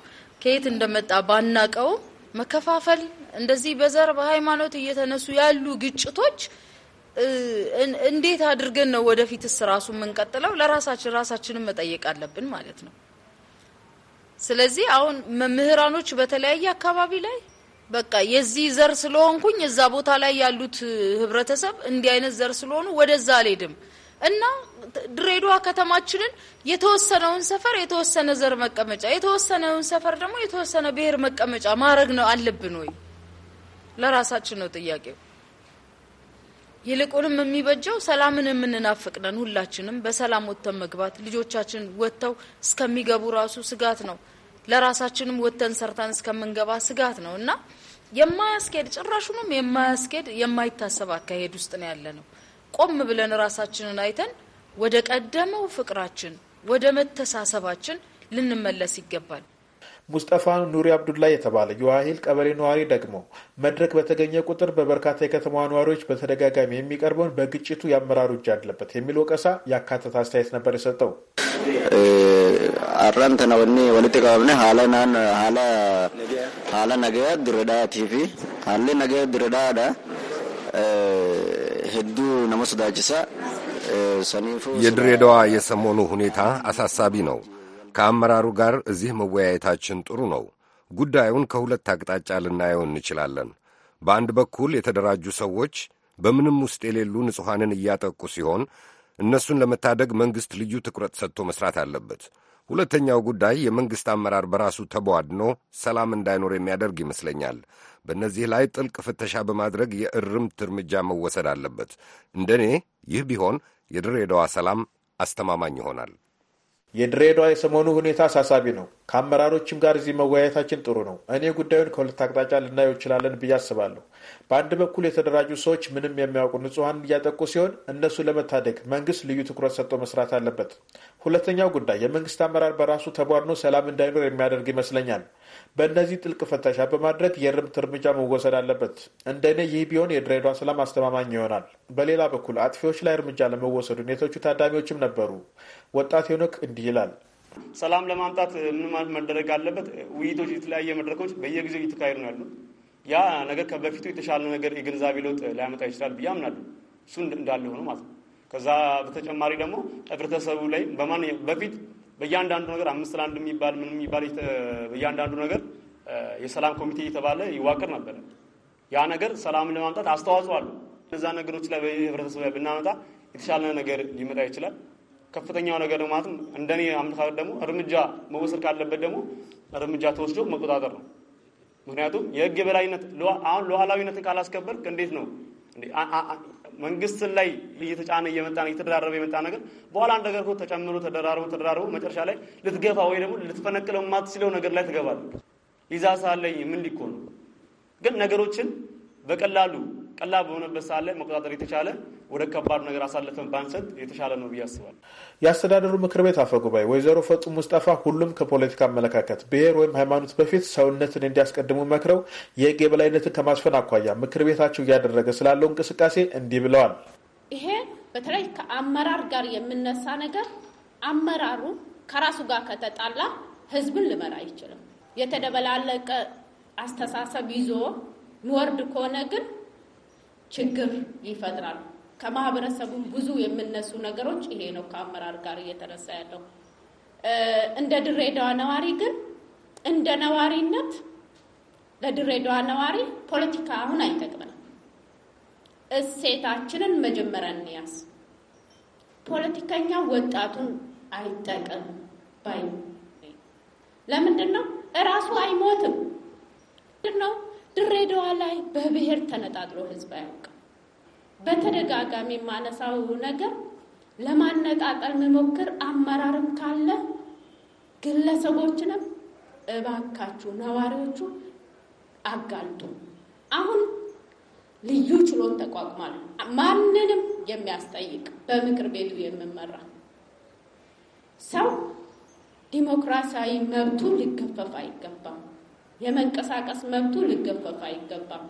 ከየት እንደመጣ ባናቀው መከፋፈል፣ እንደዚህ በዘር በሃይማኖት እየተነሱ ያሉ ግጭቶች እንዴት አድርገን ነው ወደፊትስ ራሱ የምንቀጥለው? ለራሳችን ራሳችንን መጠየቅ አለብን ማለት ነው። ስለዚህ አሁን መምህራኖች በተለያየ አካባቢ ላይ በቃ የዚህ ዘር ስለሆንኩኝ እዛ ቦታ ላይ ያሉት ህብረተሰብ እንዲህ አይነት ዘር ስለሆኑ ወደዛ አልሄድም እና ድሬዳዋ ከተማችንን የተወሰነውን ሰፈር የተወሰነ ዘር መቀመጫ፣ የተወሰነውን ሰፈር ደግሞ የተወሰነ ብሔር መቀመጫ ማድረግ ነው አለብን ወይ? ለራሳችን ነው ጥያቄው። ይልቁንም የሚበጀው ሰላምን ነን ሁላችንም በሰላም ወጥተን መግባት ልጆቻችን ወጥተው እስከሚገቡ ራሱ ስጋት ነው። ለራሳችንም ወጥተን ሰርተን እስከምንገባ ስጋት ነው እና የማያስኬድ ጭራሹንም የማያስኬድ የማይታሰብ አካሄድ ውስጥ ነው ያለ ነው። ቆም ብለን ራሳችንን አይተን ወደ ቀደመው ፍቅራችን ወደ መተሳሰባችን ልንመለስ ይገባል። ሙስጠፋ ኑሪ አብዱላ የተባለ የዋሂል ቀበሌ ነዋሪ ደግሞ መድረክ በተገኘ ቁጥር በበርካታ የከተማዋ ነዋሪዎች በተደጋጋሚ የሚቀርበውን በግጭቱ የአመራሩ እጅ አለበት የሚል ወቀሳ ያካተተ አስተያየት ነበር የሰጠው። Eh, arranta na wani walita kawamne hala na hala hala nagaya dirada tv hala nagaya dirada da eh, heddu namasu dajisa የድሬዳዋ የሰሞኑ ሁኔታ አሳሳቢ ነው። ከአመራሩ ጋር እዚህ መወያየታችን ጥሩ ነው። ጉዳዩን ከሁለት አቅጣጫ ልናየው እንችላለን። በአንድ በኩል የተደራጁ ሰዎች በምንም ውስጥ የሌሉ ንጹሐንን እያጠቁ ሲሆን እነሱን ለመታደግ መንግሥት ልዩ ትኩረት ሰጥቶ መስራት አለበት። ሁለተኛው ጉዳይ የመንግሥት አመራር በራሱ ተቧድኖ ሰላም እንዳይኖር የሚያደርግ ይመስለኛል። በእነዚህ ላይ ጥልቅ ፍተሻ በማድረግ የእርምት እርምጃ መወሰድ አለበት። እንደኔ ይህ ቢሆን የድሬዳዋ ሰላም አስተማማኝ ይሆናል። የድሬዳዋ የሰሞኑ ሁኔታ አሳሳቢ ነው። ከአመራሮችም ጋር እዚህ መወያየታችን ጥሩ ነው። እኔ ጉዳዩን ከሁለት አቅጣጫ ልናየው እንችላለን ብዬ አስባለሁ። በአንድ በኩል የተደራጁ ሰዎች ምንም የሚያውቁ ንጹሐን እያጠቁ ሲሆን እነሱ ለመታደግ መንግስት ልዩ ትኩረት ሰጥቶ መስራት አለበት። ሁለተኛው ጉዳይ የመንግስት አመራር በራሱ ተቧድኖ ሰላም እንዳይኖር የሚያደርግ ይመስለኛል። በእነዚህ ጥልቅ ፍተሻ በማድረግ የእርምት እርምጃ መወሰድ አለበት። እንደኔ ይህ ቢሆን የድሬዳዋ ሰላም አስተማማኝ ይሆናል። በሌላ በኩል አጥፊዎች ላይ እርምጃ ለመወሰዱ ኔቶቹ ታዳሚዎችም ነበሩ። ወጣት ሄኖክ እንዲህ ይላል። ሰላም ለማምጣት ምን መደረግ አለበት? ውይይቶች፣ የተለያየ መድረኮች በየጊዜው እየተካሄዱ ነው ያሉት። ያ ነገር ከበፊቱ የተሻለ ነገር የግንዛቤ ለውጥ ሊያመጣ ይችላል ብዬ አምናለሁ። እሱ እንዳለ ሆኖ ማለት ነው። ከዛ በተጨማሪ ደግሞ ህብረተሰቡ ላይ በማንኛውም በፊት በእያንዳንዱ ነገር አምስት ለአንድ የሚባል ምን የሚባል በእያንዳንዱ ነገር የሰላም ኮሚቴ እየተባለ ይዋቅር ነበረ። ያ ነገር ሰላምን ለማምጣት አስተዋጽኦ አሉ። እነዛ ነገሮች ላይ በህብረተሰቡ ላይ ብናመጣ የተሻለ ነገር ሊመጣ ይችላል። ከፍተኛው ነገር ነው ማለት እንደኔ አምልካት ደግሞ እርምጃ መወሰድ ካለበት ደግሞ እርምጃ ተወስዶ መቆጣጠር ነው። ምክንያቱም የህግ የበላይነት አሁን ሉዓላዊነትን ካላስከበርክ እንዴት ነው መንግስትን ላይ እየተጫነ እየመጣ እየተደራረበ የመጣ ነገር በኋላ አንድ ነገር ተጨምሮ ተደራርቦ ተደራርቦ መጨረሻ ላይ ልትገፋ ወይ ደግሞ ልትፈነቅለው የማትችለው ነገር ላይ ትገባለህ። ይዛ ሳለኝ ምን ሊኮን ነው? ግን ነገሮችን በቀላሉ ቀላል በሆነበት ሰዓት ላይ መቆጣጠር የተቻለ ወደ ከባድ ነገር አሳልፈን ባንሰጥ የተሻለ ነው ብዬ አስባለሁ። የአስተዳደሩ ምክር ቤት አፈ ጉባኤ ወይዘሮ ፈጡ ሙስጠፋ ሁሉም ከፖለቲካ አመለካከት፣ ብሔር ወይም ሃይማኖት በፊት ሰውነትን እንዲያስቀድሙ መክረው የህግ የበላይነትን ከማስፈን አኳያ ምክር ቤታቸው እያደረገ ስላለው እንቅስቃሴ እንዲህ ብለዋል። ይሄ በተለይ ከአመራር ጋር የምነሳ ነገር አመራሩ ከራሱ ጋር ከተጣላ ህዝብን ልመራ አይችልም። የተደበላለቀ አስተሳሰብ ይዞ ሚወርድ ከሆነ ግን ችግር ይፈጥራል። ከማህበረሰቡም ብዙ የምነሱ ነገሮች ይሄ ነው ከአመራር ጋር እየተነሳ ያለው። እንደ ድሬዳዋ ነዋሪ ግን እንደ ነዋሪነት ለድሬዳዋ ነዋሪ ፖለቲካ አሁን አይጠቅምንም። እሴታችንን መጀመሪያ እንያዝ። ፖለቲከኛ ወጣቱን አይጠቅም ባይ ለምንድን ነው? እራሱ አይሞትም ነው ድሬዳዋ ላይ በብሔር ተነጣጥሎ ህዝብ አያውቅ በተደጋጋሚ የማነሳው ነገር ለማነጣጠል መሞክር አመራርም ካለ ግለሰቦችንም እባካችሁ ነዋሪዎቹ አጋልጡ። አሁን ልዩ ችሎት ተቋቁሟል። ማንንም የሚያስጠይቅ በምክር ቤቱ የሚመራ ሰው ዲሞክራሲያዊ መብቱ ሊገፈፍ አይገባም። የመንቀሳቀስ መብቱ ሊገፈፍ አይገባም።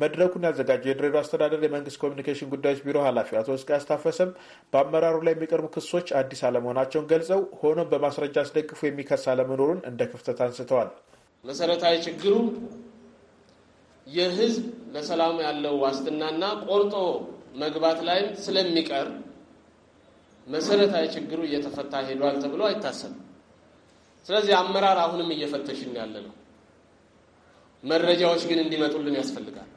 መድረኩን ያዘጋጀው የድሬዳዋ አስተዳደር የመንግስት ኮሚኒኬሽን ጉዳዮች ቢሮ ኃላፊው አቶ እስቃያስ ታፈሰም በአመራሩ ላይ የሚቀርቡ ክሶች አዲስ አለመሆናቸውን ገልጸው ሆኖም በማስረጃ አስደግፉ የሚከስ አለመኖሩን እንደ ክፍተት አንስተዋል። መሰረታዊ ችግሩ የህዝብ ለሰላም ያለው ዋስትናና ቆርጦ መግባት ላይም ስለሚቀር መሰረታዊ ችግሩ እየተፈታ ሄዷል ተብሎ አይታሰብም። ስለዚህ አመራር አሁንም እየፈተሽን ያለ ነው። መረጃዎች ግን እንዲመጡልን ያስፈልጋል።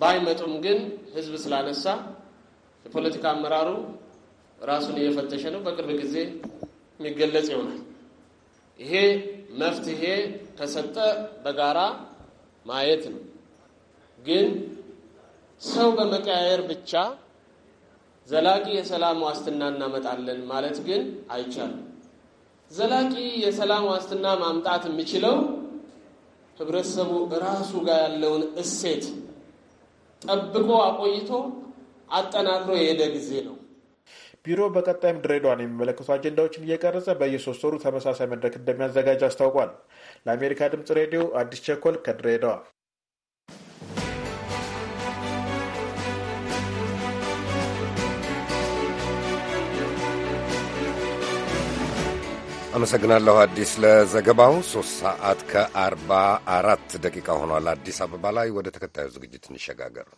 ባይመጡም ግን ህዝብ ስላነሳ የፖለቲካ አመራሩ ራሱን እየፈተሸ ነው። በቅርብ ጊዜ የሚገለጽ ይሆናል። ይሄ መፍትሄ ከሰጠ በጋራ ማየት ነው። ግን ሰው በመቀያየር ብቻ ዘላቂ የሰላም ዋስትና እናመጣለን ማለት ግን አይቻልም። ዘላቂ የሰላም ዋስትና ማምጣት የሚችለው ህብረተሰቡ ራሱ ጋር ያለውን እሴት ጠብቆ አቆይቶ አጠናክሮ የሄደ ጊዜ ነው። ቢሮ በቀጣይም ድሬዳዋን የሚመለከቱ አጀንዳዎችን እየቀረጸ በየሶስት ወሩ ተመሳሳይ መድረክ እንደሚያዘጋጅ አስታውቋል። ለአሜሪካ ድምጽ ሬዲዮ አዲስ ቸኮል ከድሬዳዋ አመሰግናለሁ አዲስ ለዘገባው። ሶስት ሰዓት ከአርባ አራት ደቂቃ ሆኗል አዲስ አበባ ላይ። ወደ ተከታዩ ዝግጅት እንሸጋገር።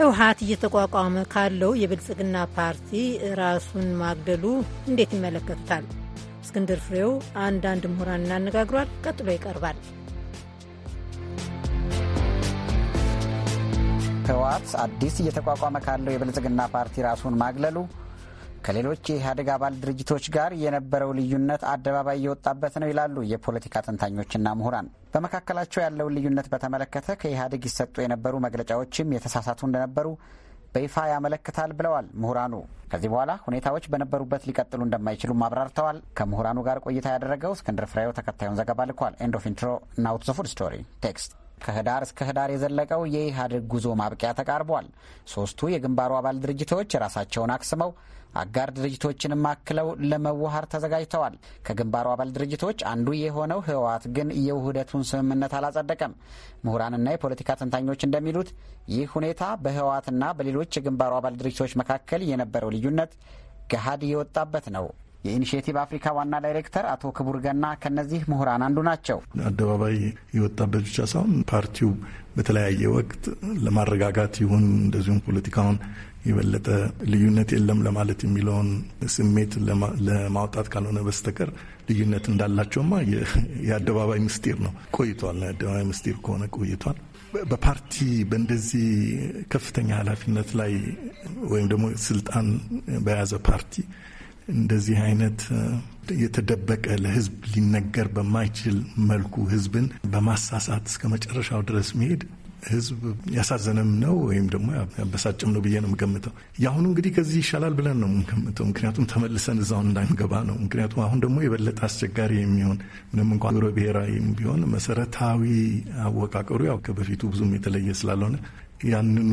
ህወሓት እየተቋቋመ ካለው የብልጽግና ፓርቲ ራሱን ማግደሉ እንዴት ይመለከቱታል? እስክንድር ፍሬው አንዳንድ ምሁራንን አነጋግሯል። ቀጥሎ ይቀርባል። ህወሓት አዲስ እየተቋቋመ ካለው የብልጽግና ፓርቲ ራሱን ማግለሉ ከሌሎች የኢህአዴግ አባል ድርጅቶች ጋር የነበረው ልዩነት አደባባይ እየወጣበት ነው ይላሉ የፖለቲካ ተንታኞችና ምሁራን። በመካከላቸው ያለውን ልዩነት በተመለከተ ከኢህአዴግ ይሰጡ የነበሩ መግለጫዎችም የተሳሳቱ እንደነበሩ በይፋ ያመለክታል ብለዋል ምሁራኑ። ከዚህ በኋላ ሁኔታዎች በነበሩበት ሊቀጥሉ እንደማይችሉም አብራርተዋል። ከምሁራኑ ጋር ቆይታ ያደረገው እስክንድር ፍሬው ተከታዩን ዘገባ ልኳል። ኤንድ ኦፍ ኢንትሮ ናውት ዘ ፉድ ስቶሪ ቴክስት ከህዳር እስከ ህዳር የዘለቀው የኢህአዴግ ጉዞ ማብቂያ ተቃርቧል። ሶስቱ የግንባሩ አባል ድርጅቶች ራሳቸውን አክስመው አጋር ድርጅቶችንም አክለው ለመዋሃር ተዘጋጅተዋል። ከግንባሩ አባል ድርጅቶች አንዱ የሆነው ህወሓት ግን የውህደቱን ስምምነት አላጸደቀም። ምሁራንና የፖለቲካ ተንታኞች እንደሚሉት ይህ ሁኔታ በህወሓትና በሌሎች የግንባሩ አባል ድርጅቶች መካከል የነበረው ልዩነት ገሃድ የወጣበት ነው። የኢኒሽቲቭ አፍሪካ ዋና ዳይሬክተር አቶ ክቡር ገና ከነዚህ ምሁራን አንዱ ናቸው። አደባባይ የወጣበት ብቻ ሳይሆን ፓርቲው በተለያየ ወቅት ለማረጋጋት ይሁን እንደዚሁም ፖለቲካውን የበለጠ ልዩነት የለም ለማለት የሚለውን ስሜት ለማውጣት ካልሆነ በስተቀር ልዩነት እንዳላቸውማ የአደባባይ ምስጢር ነው። ቆይቷል። የአደባባይ ምስጢር ከሆነ ቆይቷል። በፓርቲ በእንደዚህ ከፍተኛ ኃላፊነት ላይ ወይም ደግሞ ስልጣን በያዘ ፓርቲ እንደዚህ አይነት የተደበቀ ለሕዝብ ሊነገር በማይችል መልኩ ሕዝብን በማሳሳት እስከ መጨረሻው ድረስ መሄድ ህዝብ ያሳዘነም ነው ወይም ደግሞ ያበሳጭም ነው ብዬ ነው የምገምተው። የአሁኑ እንግዲህ ከዚህ ይሻላል ብለን ነው የምገምተው፣ ምክንያቱም ተመልሰን እዛውን እንዳንገባ ነው። ምክንያቱም አሁን ደግሞ የበለጠ አስቸጋሪ የሚሆን ምንም እንኳ ሮ ብሔራዊም ቢሆን መሰረታዊ አወቃቀሩ ያው ከበፊቱ ብዙም የተለየ ስላልሆነ ያንኑ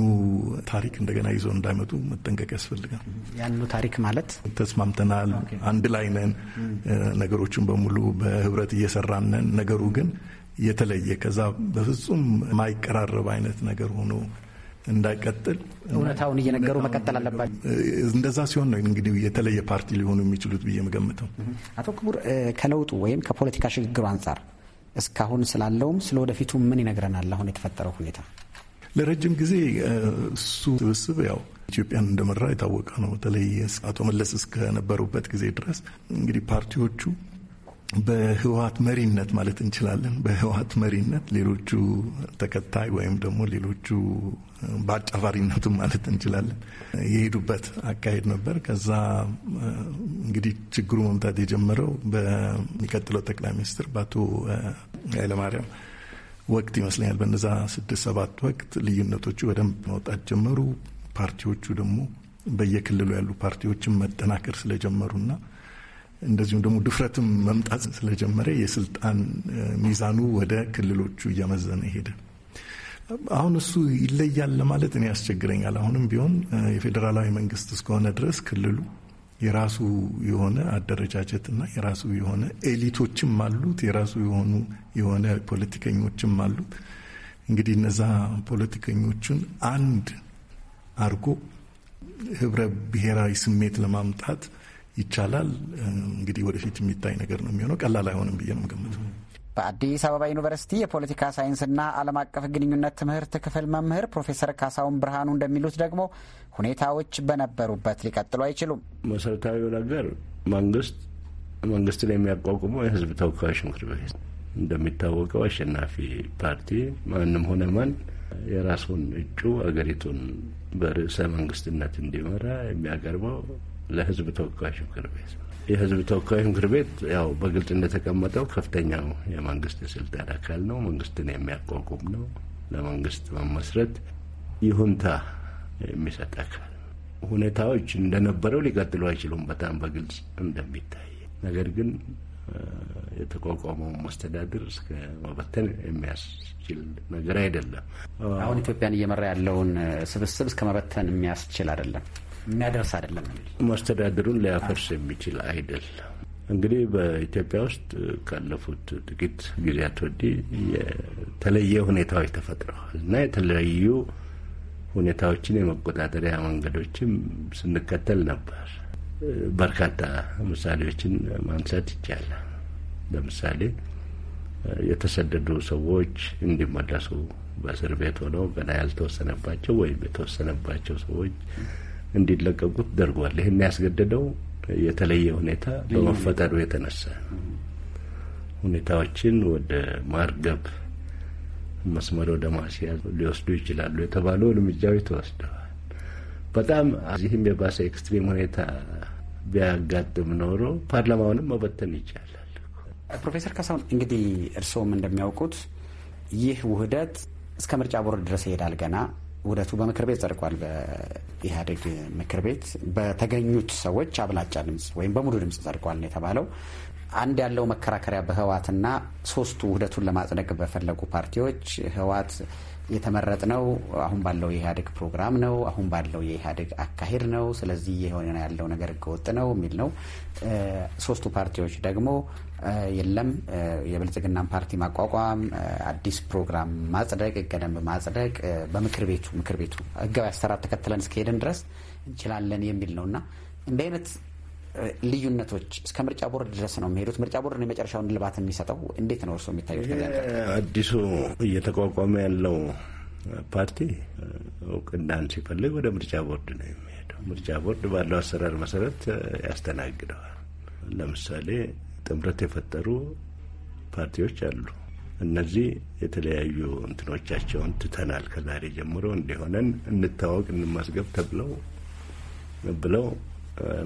ታሪክ እንደገና ይዞ እንዳይመጡ መጠንቀቅ ያስፈልጋል። ያንኑ ታሪክ ማለት ተስማምተናል፣ አንድ ላይ ነን፣ ነገሮችን በሙሉ በህብረት እየሰራነን ነገሩ ግን የተለየ ከዛ በፍጹም የማይቀራረብ አይነት ነገር ሆኖ እንዳይቀጥል እውነታውን እየነገሩ መቀጠል አለባቸው። እንደዛ ሲሆን ነው እንግዲህ የተለየ ፓርቲ ሊሆኑ የሚችሉት ብዬ የምገምተው። አቶ ክቡር ከለውጡ ወይም ከፖለቲካ ሽግግሩ አንጻር እስካሁን ስላለውም ስለ ወደፊቱ ምን ይነግረናል? አሁን የተፈጠረው ሁኔታ ለረጅም ጊዜ እሱ ስብስብ ያው ኢትዮጵያን እንደመራ የታወቀ ነው። በተለይ አቶ መለስ እስከነበሩበት ጊዜ ድረስ እንግዲህ ፓርቲዎቹ በህወሀት መሪነት ማለት እንችላለን። በህወሀት መሪነት ሌሎቹ ተከታይ ወይም ደግሞ ሌሎቹ በአጫፋሪነቱ ማለት እንችላለን የሄዱበት አካሄድ ነበር። ከዛ እንግዲህ ችግሩ መምጣት የጀመረው በሚቀጥለው ጠቅላይ ሚኒስትር በአቶ ኃይለማርያም ወቅት ይመስለኛል። በነዛ ስድስት ሰባት ወቅት ልዩነቶቹ በደንብ መውጣት ጀመሩ። ፓርቲዎቹ ደግሞ በየክልሉ ያሉ ፓርቲዎችን መጠናከር ስለጀመሩና እንደዚሁም ደግሞ ድፍረትም መምጣት ስለጀመረ የስልጣን ሚዛኑ ወደ ክልሎቹ እያመዘነ ሄደ። አሁን እሱ ይለያል ለማለት እኔ ያስቸግረኛል። አሁንም ቢሆን የፌዴራላዊ መንግስት እስከሆነ ድረስ ክልሉ የራሱ የሆነ አደረጃጀት እና የራሱ የሆነ ኤሊቶችም አሉት፣ የራሱ የሆኑ የሆነ ፖለቲከኞችም አሉት። እንግዲህ እነዛ ፖለቲከኞቹን አንድ አድርጎ ህብረ ብሔራዊ ስሜት ለማምጣት ይቻላል። እንግዲህ ወደፊት የሚታይ ነገር ነው የሚሆነው። ቀላል አይሆንም ብዬ ነው የምገምተው። በአዲስ አበባ ዩኒቨርሲቲ የፖለቲካ ሳይንስና ዓለም አቀፍ ግንኙነት ትምህርት ክፍል መምህር ፕሮፌሰር ካሳሁን ብርሃኑ እንደሚሉት ደግሞ ሁኔታዎች በነበሩበት ሊቀጥሉ አይችሉም። መሰረታዊው ነገር መንግስት መንግስትን የሚያቋቁመው የህዝብ ተወካዮች ምክር ቤት እንደሚታወቀው አሸናፊ ፓርቲ ማንም ሆነ ማን የራሱን እጩ አገሪቱን በርዕሰ መንግስትነት እንዲመራ የሚያቀርበው ለህዝብ ተወካዮች ምክር ቤት የህዝብ ተወካዮች ምክር ቤት ያው በግልጽ እንደተቀመጠው ከፍተኛው የመንግስት የስልጣን አካል ነው። መንግስትን የሚያቋቁም ነው። ለመንግስት መመስረት ይሁንታ የሚሰጥ አካል ሁኔታዎች እንደነበረው ሊቀጥሉ አይችሉም፣ በጣም በግልጽ እንደሚታይ ነገር ግን የተቋቋመውን መስተዳድር እስከ መበተን የሚያስችል ነገር አይደለም። አሁን ኢትዮጵያን እየመራ ያለውን ስብስብ እስከ መበተን የሚያስችል አይደለም። የሚያደርስ አይደለም። ማስተዳደሩን ሊያፈርስ የሚችል አይደል። እንግዲህ በኢትዮጵያ ውስጥ ካለፉት ጥቂት ጊዜያት ወዲህ የተለየ ሁኔታዎች ተፈጥረዋል እና የተለያዩ ሁኔታዎችን የመቆጣጠሪያ መንገዶችም ስንከተል ነበር። በርካታ ምሳሌዎችን ማንሳት ይቻላል። ለምሳሌ የተሰደዱ ሰዎች እንዲመለሱ በእስር ቤት ሆነው ገና ያልተወሰነባቸው ወይም የተወሰነባቸው ሰዎች እንዲለቀቁ ተደርጓል። ይህን ያስገደደው የተለየ ሁኔታ በመፈጠሩ የተነሳ ሁኔታዎችን ወደ ማርገብ መስመር ወደ ማስያዝ ሊወስዱ ይችላሉ የተባሉ እርምጃዎች ተወስደዋል። በጣም እዚህም የባሰ ኤክስትሪም ሁኔታ ቢያጋጥም ኖሮ ፓርላማውንም መበተን ይቻላል። ፕሮፌሰር ካሳሁን እንግዲህ እርስዎም እንደሚያውቁት ይህ ውህደት እስከ ምርጫ ቦርድ ድረስ ይሄዳል ገና ውህደቱ በምክር ቤት ጸድቋል። በኢህአዴግ ምክር ቤት በተገኙት ሰዎች አብላጫ ድምፅ ወይም በሙሉ ድምፅ ጸድቋል ነው የተባለው። አንድ ያለው መከራከሪያ በህወሓትና ሶስቱ ውህደቱን ለማጽደቅ በፈለጉ ፓርቲዎች ህወሓት የተመረጥ ነው አሁን ባለው የኢህአዴግ ፕሮግራም ነው አሁን ባለው የኢህአዴግ አካሄድ ነው፣ ስለዚህ የሆነ ያለው ነገር ህገወጥ ነው የሚል ነው። ሶስቱ ፓርቲዎች ደግሞ የለም የብልጽግና ፓርቲ ማቋቋም፣ አዲስ ፕሮግራም ማጽደቅ፣ እገደንብ ማጽደቅ በምክር ቤቱ ምክር ቤቱ ህጋዊ አሰራር ተከትለን እስከሄደን ድረስ እንችላለን የሚል ነው እና እንዲህ አይነት ልዩነቶች እስከ ምርጫ ቦርድ ድረስ ነው የሚሄዱት። ምርጫ ቦርድ የመጨረሻውን ልባት የሚሰጠው እንዴት ነው እርስ የሚታዩት? አዲሱ እየተቋቋመ ያለው ፓርቲ እውቅናን ሲፈልግ ወደ ምርጫ ቦርድ ነው የሚሄደው። ምርጫ ቦርድ ባለው አሰራር መሰረት ያስተናግደዋል። ለምሳሌ ጥምረት የፈጠሩ ፓርቲዎች አሉ። እነዚህ የተለያዩ እንትኖቻቸውን ትተናል፣ ከዛሬ ጀምሮ እንዲሆነን እንታወቅ፣ እንማስገብ ተብለው ብለው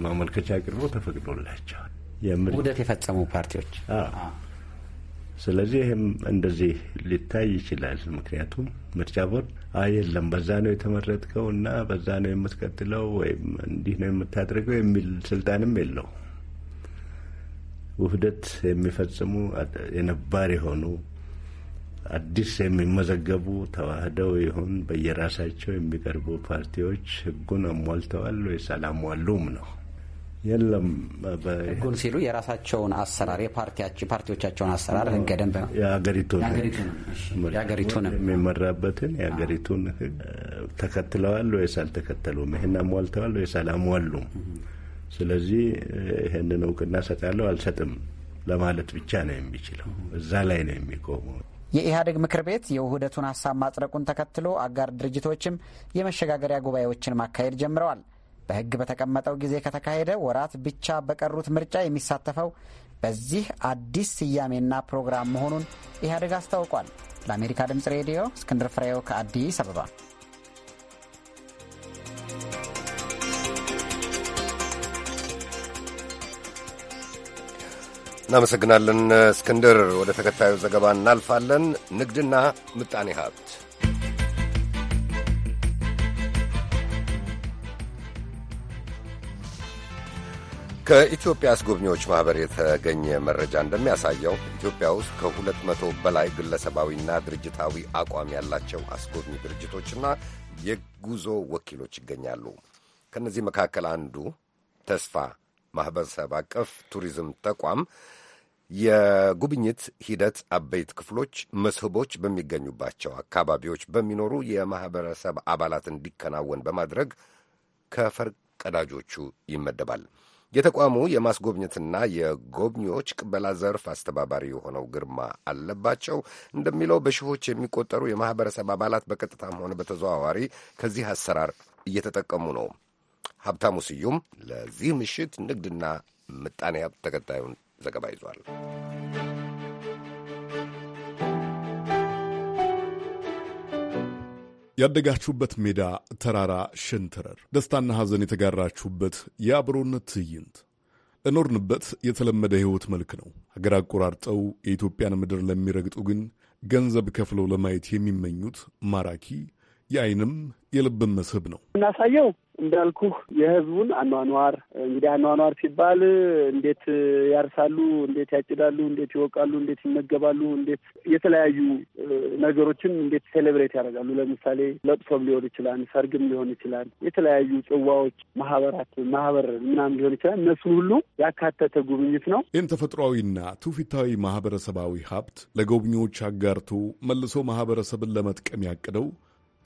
ማመልከቻ አቅርቦ ተፈቅዶላቸዋል። ውህደት የፈጸሙ ፓርቲዎች። ስለዚህ ይህም እንደዚህ ሊታይ ይችላል። ምክንያቱም ምርጫ ቦርድ አይ የለም በዛ ነው የተመረጥከው እና በዛ ነው የምትቀጥለው ወይም እንዲህ ነው የምታደርገው የሚል ስልጣንም የለው ውህደት የሚፈጽሙ የነባር የሆኑ አዲስ የሚመዘገቡ ተዋህደው ይሁን በየራሳቸው የሚቀርቡ ፓርቲዎች ህጉን አሟልተዋል ወይስ አላሟሉም ነው? የለም ህጉን ሲሉ የራሳቸውን አሰራር የፓርቲዎቻቸውን አሰራር ህገ ደንብ ነው የሀገሪቱን የሚመራበትን የሀገሪቱን ተከትለዋል ወይስ አልተከተሉም? ይህን አሟልተዋል ወይስ አላሟሉም? ስለዚህ ይህንን እውቅና ሰጣለሁ አልሰጥም ለማለት ብቻ ነው የሚችለው። እዛ ላይ ነው የሚቆመው። የኢህአዴግ ምክር ቤት የውህደቱን ሀሳብ ማጽደቁን ተከትሎ አጋር ድርጅቶችም የመሸጋገሪያ ጉባኤዎችን ማካሄድ ጀምረዋል። በህግ በተቀመጠው ጊዜ ከተካሄደ ወራት ብቻ በቀሩት ምርጫ የሚሳተፈው በዚህ አዲስ ስያሜና ፕሮግራም መሆኑን ኢህአዴግ አስታውቋል። ለአሜሪካ ድምፅ ሬዲዮ እስክንድር ፍሬው ከአዲስ አበባ እናመሰግናለን እስክንድር። ወደ ተከታዩ ዘገባ እናልፋለን። ንግድና ምጣኔ ሀብት ከኢትዮጵያ አስጎብኚዎች ማኅበር የተገኘ መረጃ እንደሚያሳየው ኢትዮጵያ ውስጥ ከሁለት መቶ በላይ ግለሰባዊና ድርጅታዊ አቋም ያላቸው አስጎብኚ ድርጅቶችና የጉዞ ወኪሎች ይገኛሉ። ከእነዚህ መካከል አንዱ ተስፋ ማኅበረሰብ አቀፍ ቱሪዝም ተቋም የጉብኝት ሂደት አበይት ክፍሎች መስህቦች በሚገኙባቸው አካባቢዎች በሚኖሩ የማኅበረሰብ አባላት እንዲከናወን በማድረግ ከፈርቀዳጆቹ ይመደባል። የተቋሙ የማስጎብኘትና የጎብኚዎች ቅበላ ዘርፍ አስተባባሪ የሆነው ግርማ አለባቸው እንደሚለው በሺዎች የሚቆጠሩ የማኅበረሰብ አባላት በቀጥታም ሆነ በተዘዋዋሪ ከዚህ አሰራር እየተጠቀሙ ነው። ሀብታሙ ስዩም ለዚህ ምሽት ንግድና ምጣኔ ሀብት ተከታዩን ዘገባ ይዟል። ያደጋችሁበት ሜዳ፣ ተራራ፣ ሸንተረር፣ ደስታና ሐዘን የተጋራችሁበት የአብሮነት ትዕይንት እኖርንበት የተለመደ ሕይወት መልክ ነው። ሀገር አቆራርጠው የኢትዮጵያን ምድር ለሚረግጡ ግን ገንዘብ ከፍለው ለማየት የሚመኙት ማራኪ የአይንም የልብም መስህብ ነው። እናሳየው እንዳልኩህ የህዝቡን አኗኗር እንግዲህ አኗኗር ሲባል እንዴት ያርሳሉ፣ እንዴት ያጭዳሉ፣ እንዴት ይወቃሉ፣ እንዴት ይመገባሉ፣ እንዴት የተለያዩ ነገሮችን እንዴት ሴሌብሬት ያደርጋሉ። ለምሳሌ ለቅሶም ሊሆን ይችላል፣ ሰርግም ሊሆን ይችላል፣ የተለያዩ ጽዋዎች፣ ማህበራት፣ ማህበር ምናምን ሊሆን ይችላል። እነሱን ሁሉ ያካተተ ጉብኝት ነው። ይህን ተፈጥሯዊና ትውፊታዊ ማህበረሰባዊ ሀብት ለጎብኚዎች አጋርቶ መልሶ ማህበረሰብን ለመጥቀም ያቅደው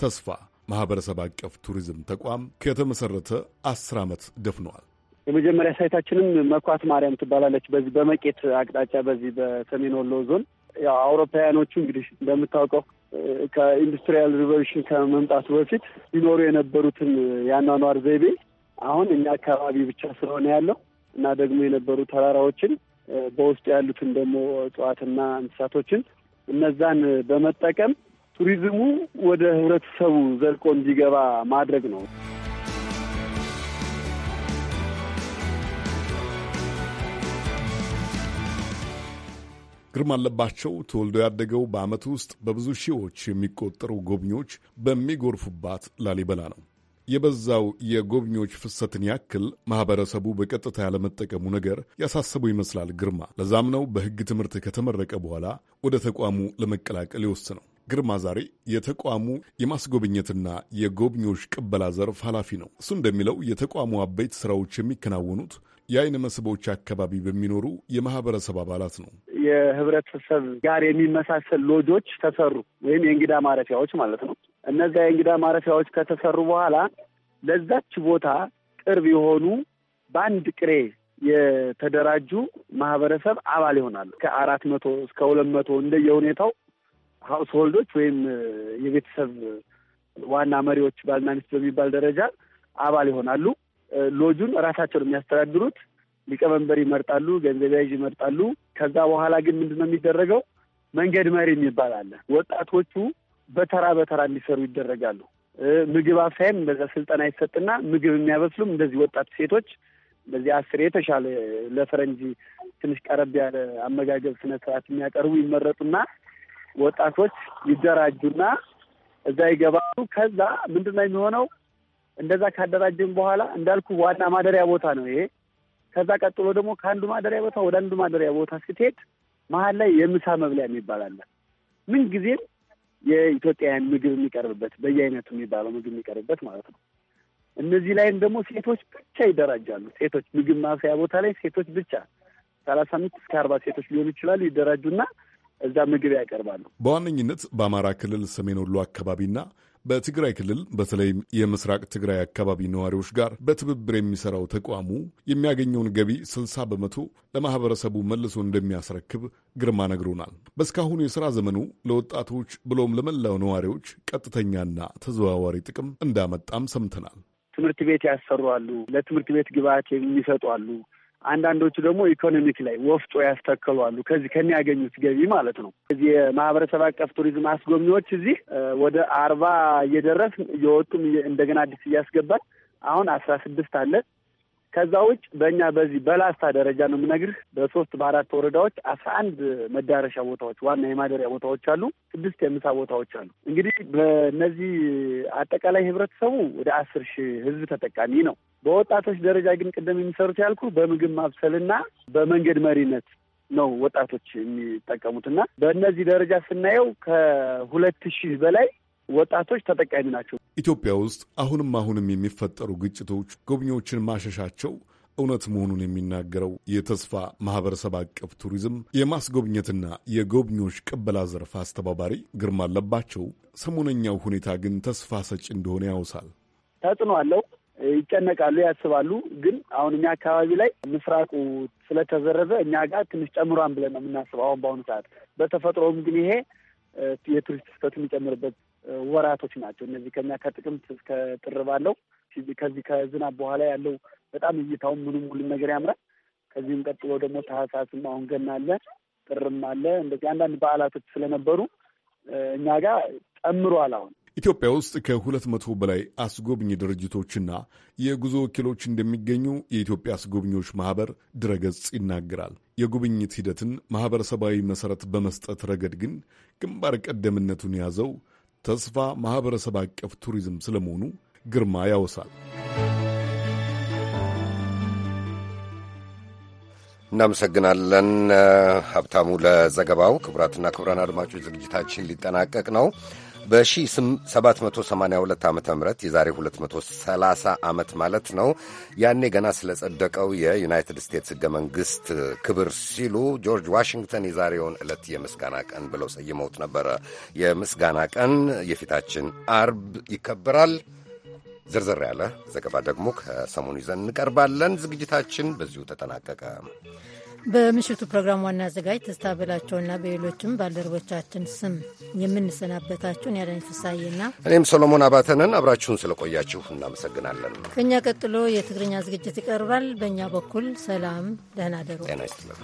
ተስፋ ማህበረሰብ አቀፍ ቱሪዝም ተቋም ከተመሰረተ አስር ዓመት ደፍነዋል። የመጀመሪያ ሳይታችንም መኳት ማርያም ትባላለች። በዚህ በመቄት አቅጣጫ በዚህ በሰሜን ወሎ ዞን ያው አውሮፓውያኖቹ እንግዲህ እንደምታውቀው ከኢንዱስትሪያል ሪቨሉሽን ከመምጣቱ በፊት ሲኖሩ የነበሩትን የአኗኗር ዘይቤ አሁን እኛ አካባቢ ብቻ ስለሆነ ያለው እና ደግሞ የነበሩ ተራራዎችን በውስጡ ያሉትን ደግሞ እጽዋትና እንስሳቶችን እነዛን በመጠቀም ቱሪዝሙ ወደ ህብረተሰቡ ዘልቆ እንዲገባ ማድረግ ነው። ግርማ አለባቸው ተወልዶ ያደገው በዓመት ውስጥ በብዙ ሺዎች የሚቆጠሩ ጎብኚዎች በሚጎርፉባት ላሊበላ ነው። የበዛው የጎብኚዎች ፍሰትን ያክል ማህበረሰቡ በቀጥታ ያለመጠቀሙ ነገር ያሳሰቡ ይመስላል ግርማ። ለዛም ነው በሕግ ትምህርት ከተመረቀ በኋላ ወደ ተቋሙ ለመቀላቀል የወሰነው። ግርማ ዛሬ የተቋሙ የማስጎብኘትና የጎብኚዎች ቅበላ ዘርፍ ኃላፊ ነው። እሱ እንደሚለው የተቋሙ አበይት ስራዎች የሚከናወኑት የአይን መስህቦች አካባቢ በሚኖሩ የማህበረሰብ አባላት ነው። የህብረተሰብ ጋር የሚመሳሰል ሎጆች ተሰሩ ወይም የእንግዳ ማረፊያዎች ማለት ነው። እነዚያ የእንግዳ ማረፊያዎች ከተሰሩ በኋላ ለዛች ቦታ ቅርብ የሆኑ በአንድ ቅሬ የተደራጁ ማህበረሰብ አባል ይሆናሉ። ከአራት መቶ እስከ ሁለት መቶ እንደየሁኔታው ሀውስሆልዶች ወይም የቤተሰብ ዋና መሪዎች ባልና ሚስት በሚባል ደረጃ አባል ይሆናሉ። ሎጁን ራሳቸው የሚያስተዳድሩት። ሊቀመንበር ይመርጣሉ፣ ገንዘብ ያዥ ይመርጣሉ። ከዛ በኋላ ግን ምንድን ነው የሚደረገው? መንገድ መሪ የሚባል አለ። ወጣቶቹ በተራ በተራ እንዲሰሩ ይደረጋሉ። ምግብ አብሳይም በዛ ስልጠና ይሰጥና ምግብ የሚያበስሉም እንደዚህ ወጣት ሴቶች በዚህ አስር የተሻለ ለፈረንጅ ትንሽ ቀረብ ያለ አመጋገብ ስነ የሚያቀርቡ ይመረጡና ወጣቶች ይደራጁና እዛ ይገባሉ። ከዛ ምንድን ነው የሚሆነው? እንደዛ ካደራጀን በኋላ እንዳልኩ ዋና ማደሪያ ቦታ ነው ይሄ። ከዛ ቀጥሎ ደግሞ ከአንዱ ማደሪያ ቦታ ወደ አንዱ ማደሪያ ቦታ ስትሄድ መሀል ላይ የምሳ መብለያ የሚባል አለ። ምን ጊዜም የኢትዮጵያውያን ምግብ የሚቀርብበት በየአይነቱ የሚባለው ምግብ የሚቀርብበት ማለት ነው። እነዚህ ላይም ደግሞ ሴቶች ብቻ ይደራጃሉ። ሴቶች ምግብ ማብሰያ ቦታ ላይ ሴቶች ብቻ ሰላሳ አምስት እስከ አርባ ሴቶች ሊሆኑ ይችላሉ። ይደራጁና እዛ ምግብ ያቀርባሉ። በዋነኝነት በአማራ ክልል ሰሜን ወሎ አካባቢና በትግራይ ክልል በተለይም የምስራቅ ትግራይ አካባቢ ነዋሪዎች ጋር በትብብር የሚሰራው ተቋሙ የሚያገኘውን ገቢ 60 በመቶ ለማህበረሰቡ መልሶ እንደሚያስረክብ ግርማ ነግሮናል። በእስካሁኑ የሥራ ዘመኑ ለወጣቶች ብሎም ለመላው ነዋሪዎች ቀጥተኛና ተዘዋዋሪ ጥቅም እንዳመጣም ሰምተናል። ትምህርት ቤት ያሰሩ አሉ። ለትምህርት ቤት ግብዓት የሚሰጡ አሉ። አንዳንዶቹ ደግሞ ኢኮኖሚክ ላይ ወፍጮ ያስተክሏሉ ከዚህ ከሚያገኙት ገቢ ማለት ነው። እዚህ የማህበረሰብ አቀፍ ቱሪዝም አስጎብኚዎች እዚህ ወደ አርባ እየደረስ እየወጡም እንደገና አዲስ እያስገባል አሁን አስራ ስድስት አለ። ከዛ ውጭ በእኛ በዚህ በላስታ ደረጃ ነው የምነግርህ በሶስት በአራት ወረዳዎች አስራ አንድ መዳረሻ ቦታዎች ዋና የማደሪያ ቦታዎች አሉ። ስድስት የምሳ ቦታዎች አሉ። እንግዲህ በእነዚህ አጠቃላይ ህብረተሰቡ ወደ አስር ሺህ ህዝብ ተጠቃሚ ነው። በወጣቶች ደረጃ ግን ቅደም የሚሰሩት ያልኩ በምግብ ማብሰልና በመንገድ መሪነት ነው ወጣቶች የሚጠቀሙት እና በእነዚህ ደረጃ ስናየው ከሁለት ሺህ በላይ ወጣቶች ተጠቃሚ ናቸው። ኢትዮጵያ ውስጥ አሁንም አሁንም የሚፈጠሩ ግጭቶች ጎብኚዎችን ማሸሻቸው እውነት መሆኑን የሚናገረው የተስፋ ማህበረሰብ አቀፍ ቱሪዝም የማስጎብኘትና የጎብኚዎች ቅበላ ዘርፍ አስተባባሪ ግርማ አለባቸው፣ ሰሞነኛው ሁኔታ ግን ተስፋ ሰጪ እንደሆነ ያውሳል። ተጽዕኖ አለው። ይጨነቃሉ፣ ያስባሉ። ግን አሁን እኛ አካባቢ ላይ ምስራቁ ስለተዘረዘ እኛ ጋር ትንሽ ጨምሯን ብለን ነው የምናስበው አሁን በአሁኑ ሰዓት። በተፈጥሮም ግን ይሄ የቱሪስት ፍሰት የሚጨምርበት ወራቶች ናቸው እነዚህ ከኛ ከጥቅምት እስከ ጥር ባለው ከዚህ ከዝናብ በኋላ ያለው በጣም እይታውን ምኑም ሁሉም ነገር ያምራል። ከዚህም ቀጥሎ ደግሞ ታህሳስም አሁን ገና አለ፣ ጥርም አለ። እንደዚህ አንዳንድ በዓላቶች ስለነበሩ እኛ ጋር ጨምሯል አሁን ኢትዮጵያ ውስጥ ከሁለት መቶ በላይ አስጎብኝ ድርጅቶችና የጉዞ ወኪሎች እንደሚገኙ የኢትዮጵያ አስጎብኚዎች ማኅበር ድረገጽ ይናገራል። የጉብኝት ሂደትን ማኅበረሰባዊ መሠረት በመስጠት ረገድ ግን ግንባር ቀደምነቱን የያዘው ተስፋ ማኅበረሰብ አቀፍ ቱሪዝም ስለመሆኑ ግርማ ያወሳል። እናመሰግናለን ሀብታሙ ለዘገባው። ክቡራትና ክቡራን አድማጮች ዝግጅታችን ሊጠናቀቅ ነው። በ1782 ዓ ም የዛሬ 230 ዓመት ማለት ነው። ያኔ ገና ስለጸደቀው የዩናይትድ ስቴትስ ሕገ መንግሥት ክብር ሲሉ ጆርጅ ዋሽንግተን የዛሬውን ዕለት የምስጋና ቀን ብለው ሰይመውት ነበረ። የምስጋና ቀን የፊታችን አርብ ይከበራል። ዝርዝር ያለ ዘገባ ደግሞ ከሰሞኑ ይዘን እንቀርባለን። ዝግጅታችን በዚሁ ተጠናቀቀ። በምሽቱ ፕሮግራም ዋና አዘጋጅ ትስታ ብላቸውና በሌሎችም ባልደረቦቻችን ስም የምንሰናበታችሁን ያዳኝ ፍሳዬና እኔም ሰሎሞን አባተነን አብራችሁን ስለቆያችሁ እናመሰግናለን። ከእኛ ቀጥሎ የትግርኛ ዝግጅት ይቀርባል። በእኛ በኩል ሰላም፣ ደህና ደሩ። ጤና ይስጥልን።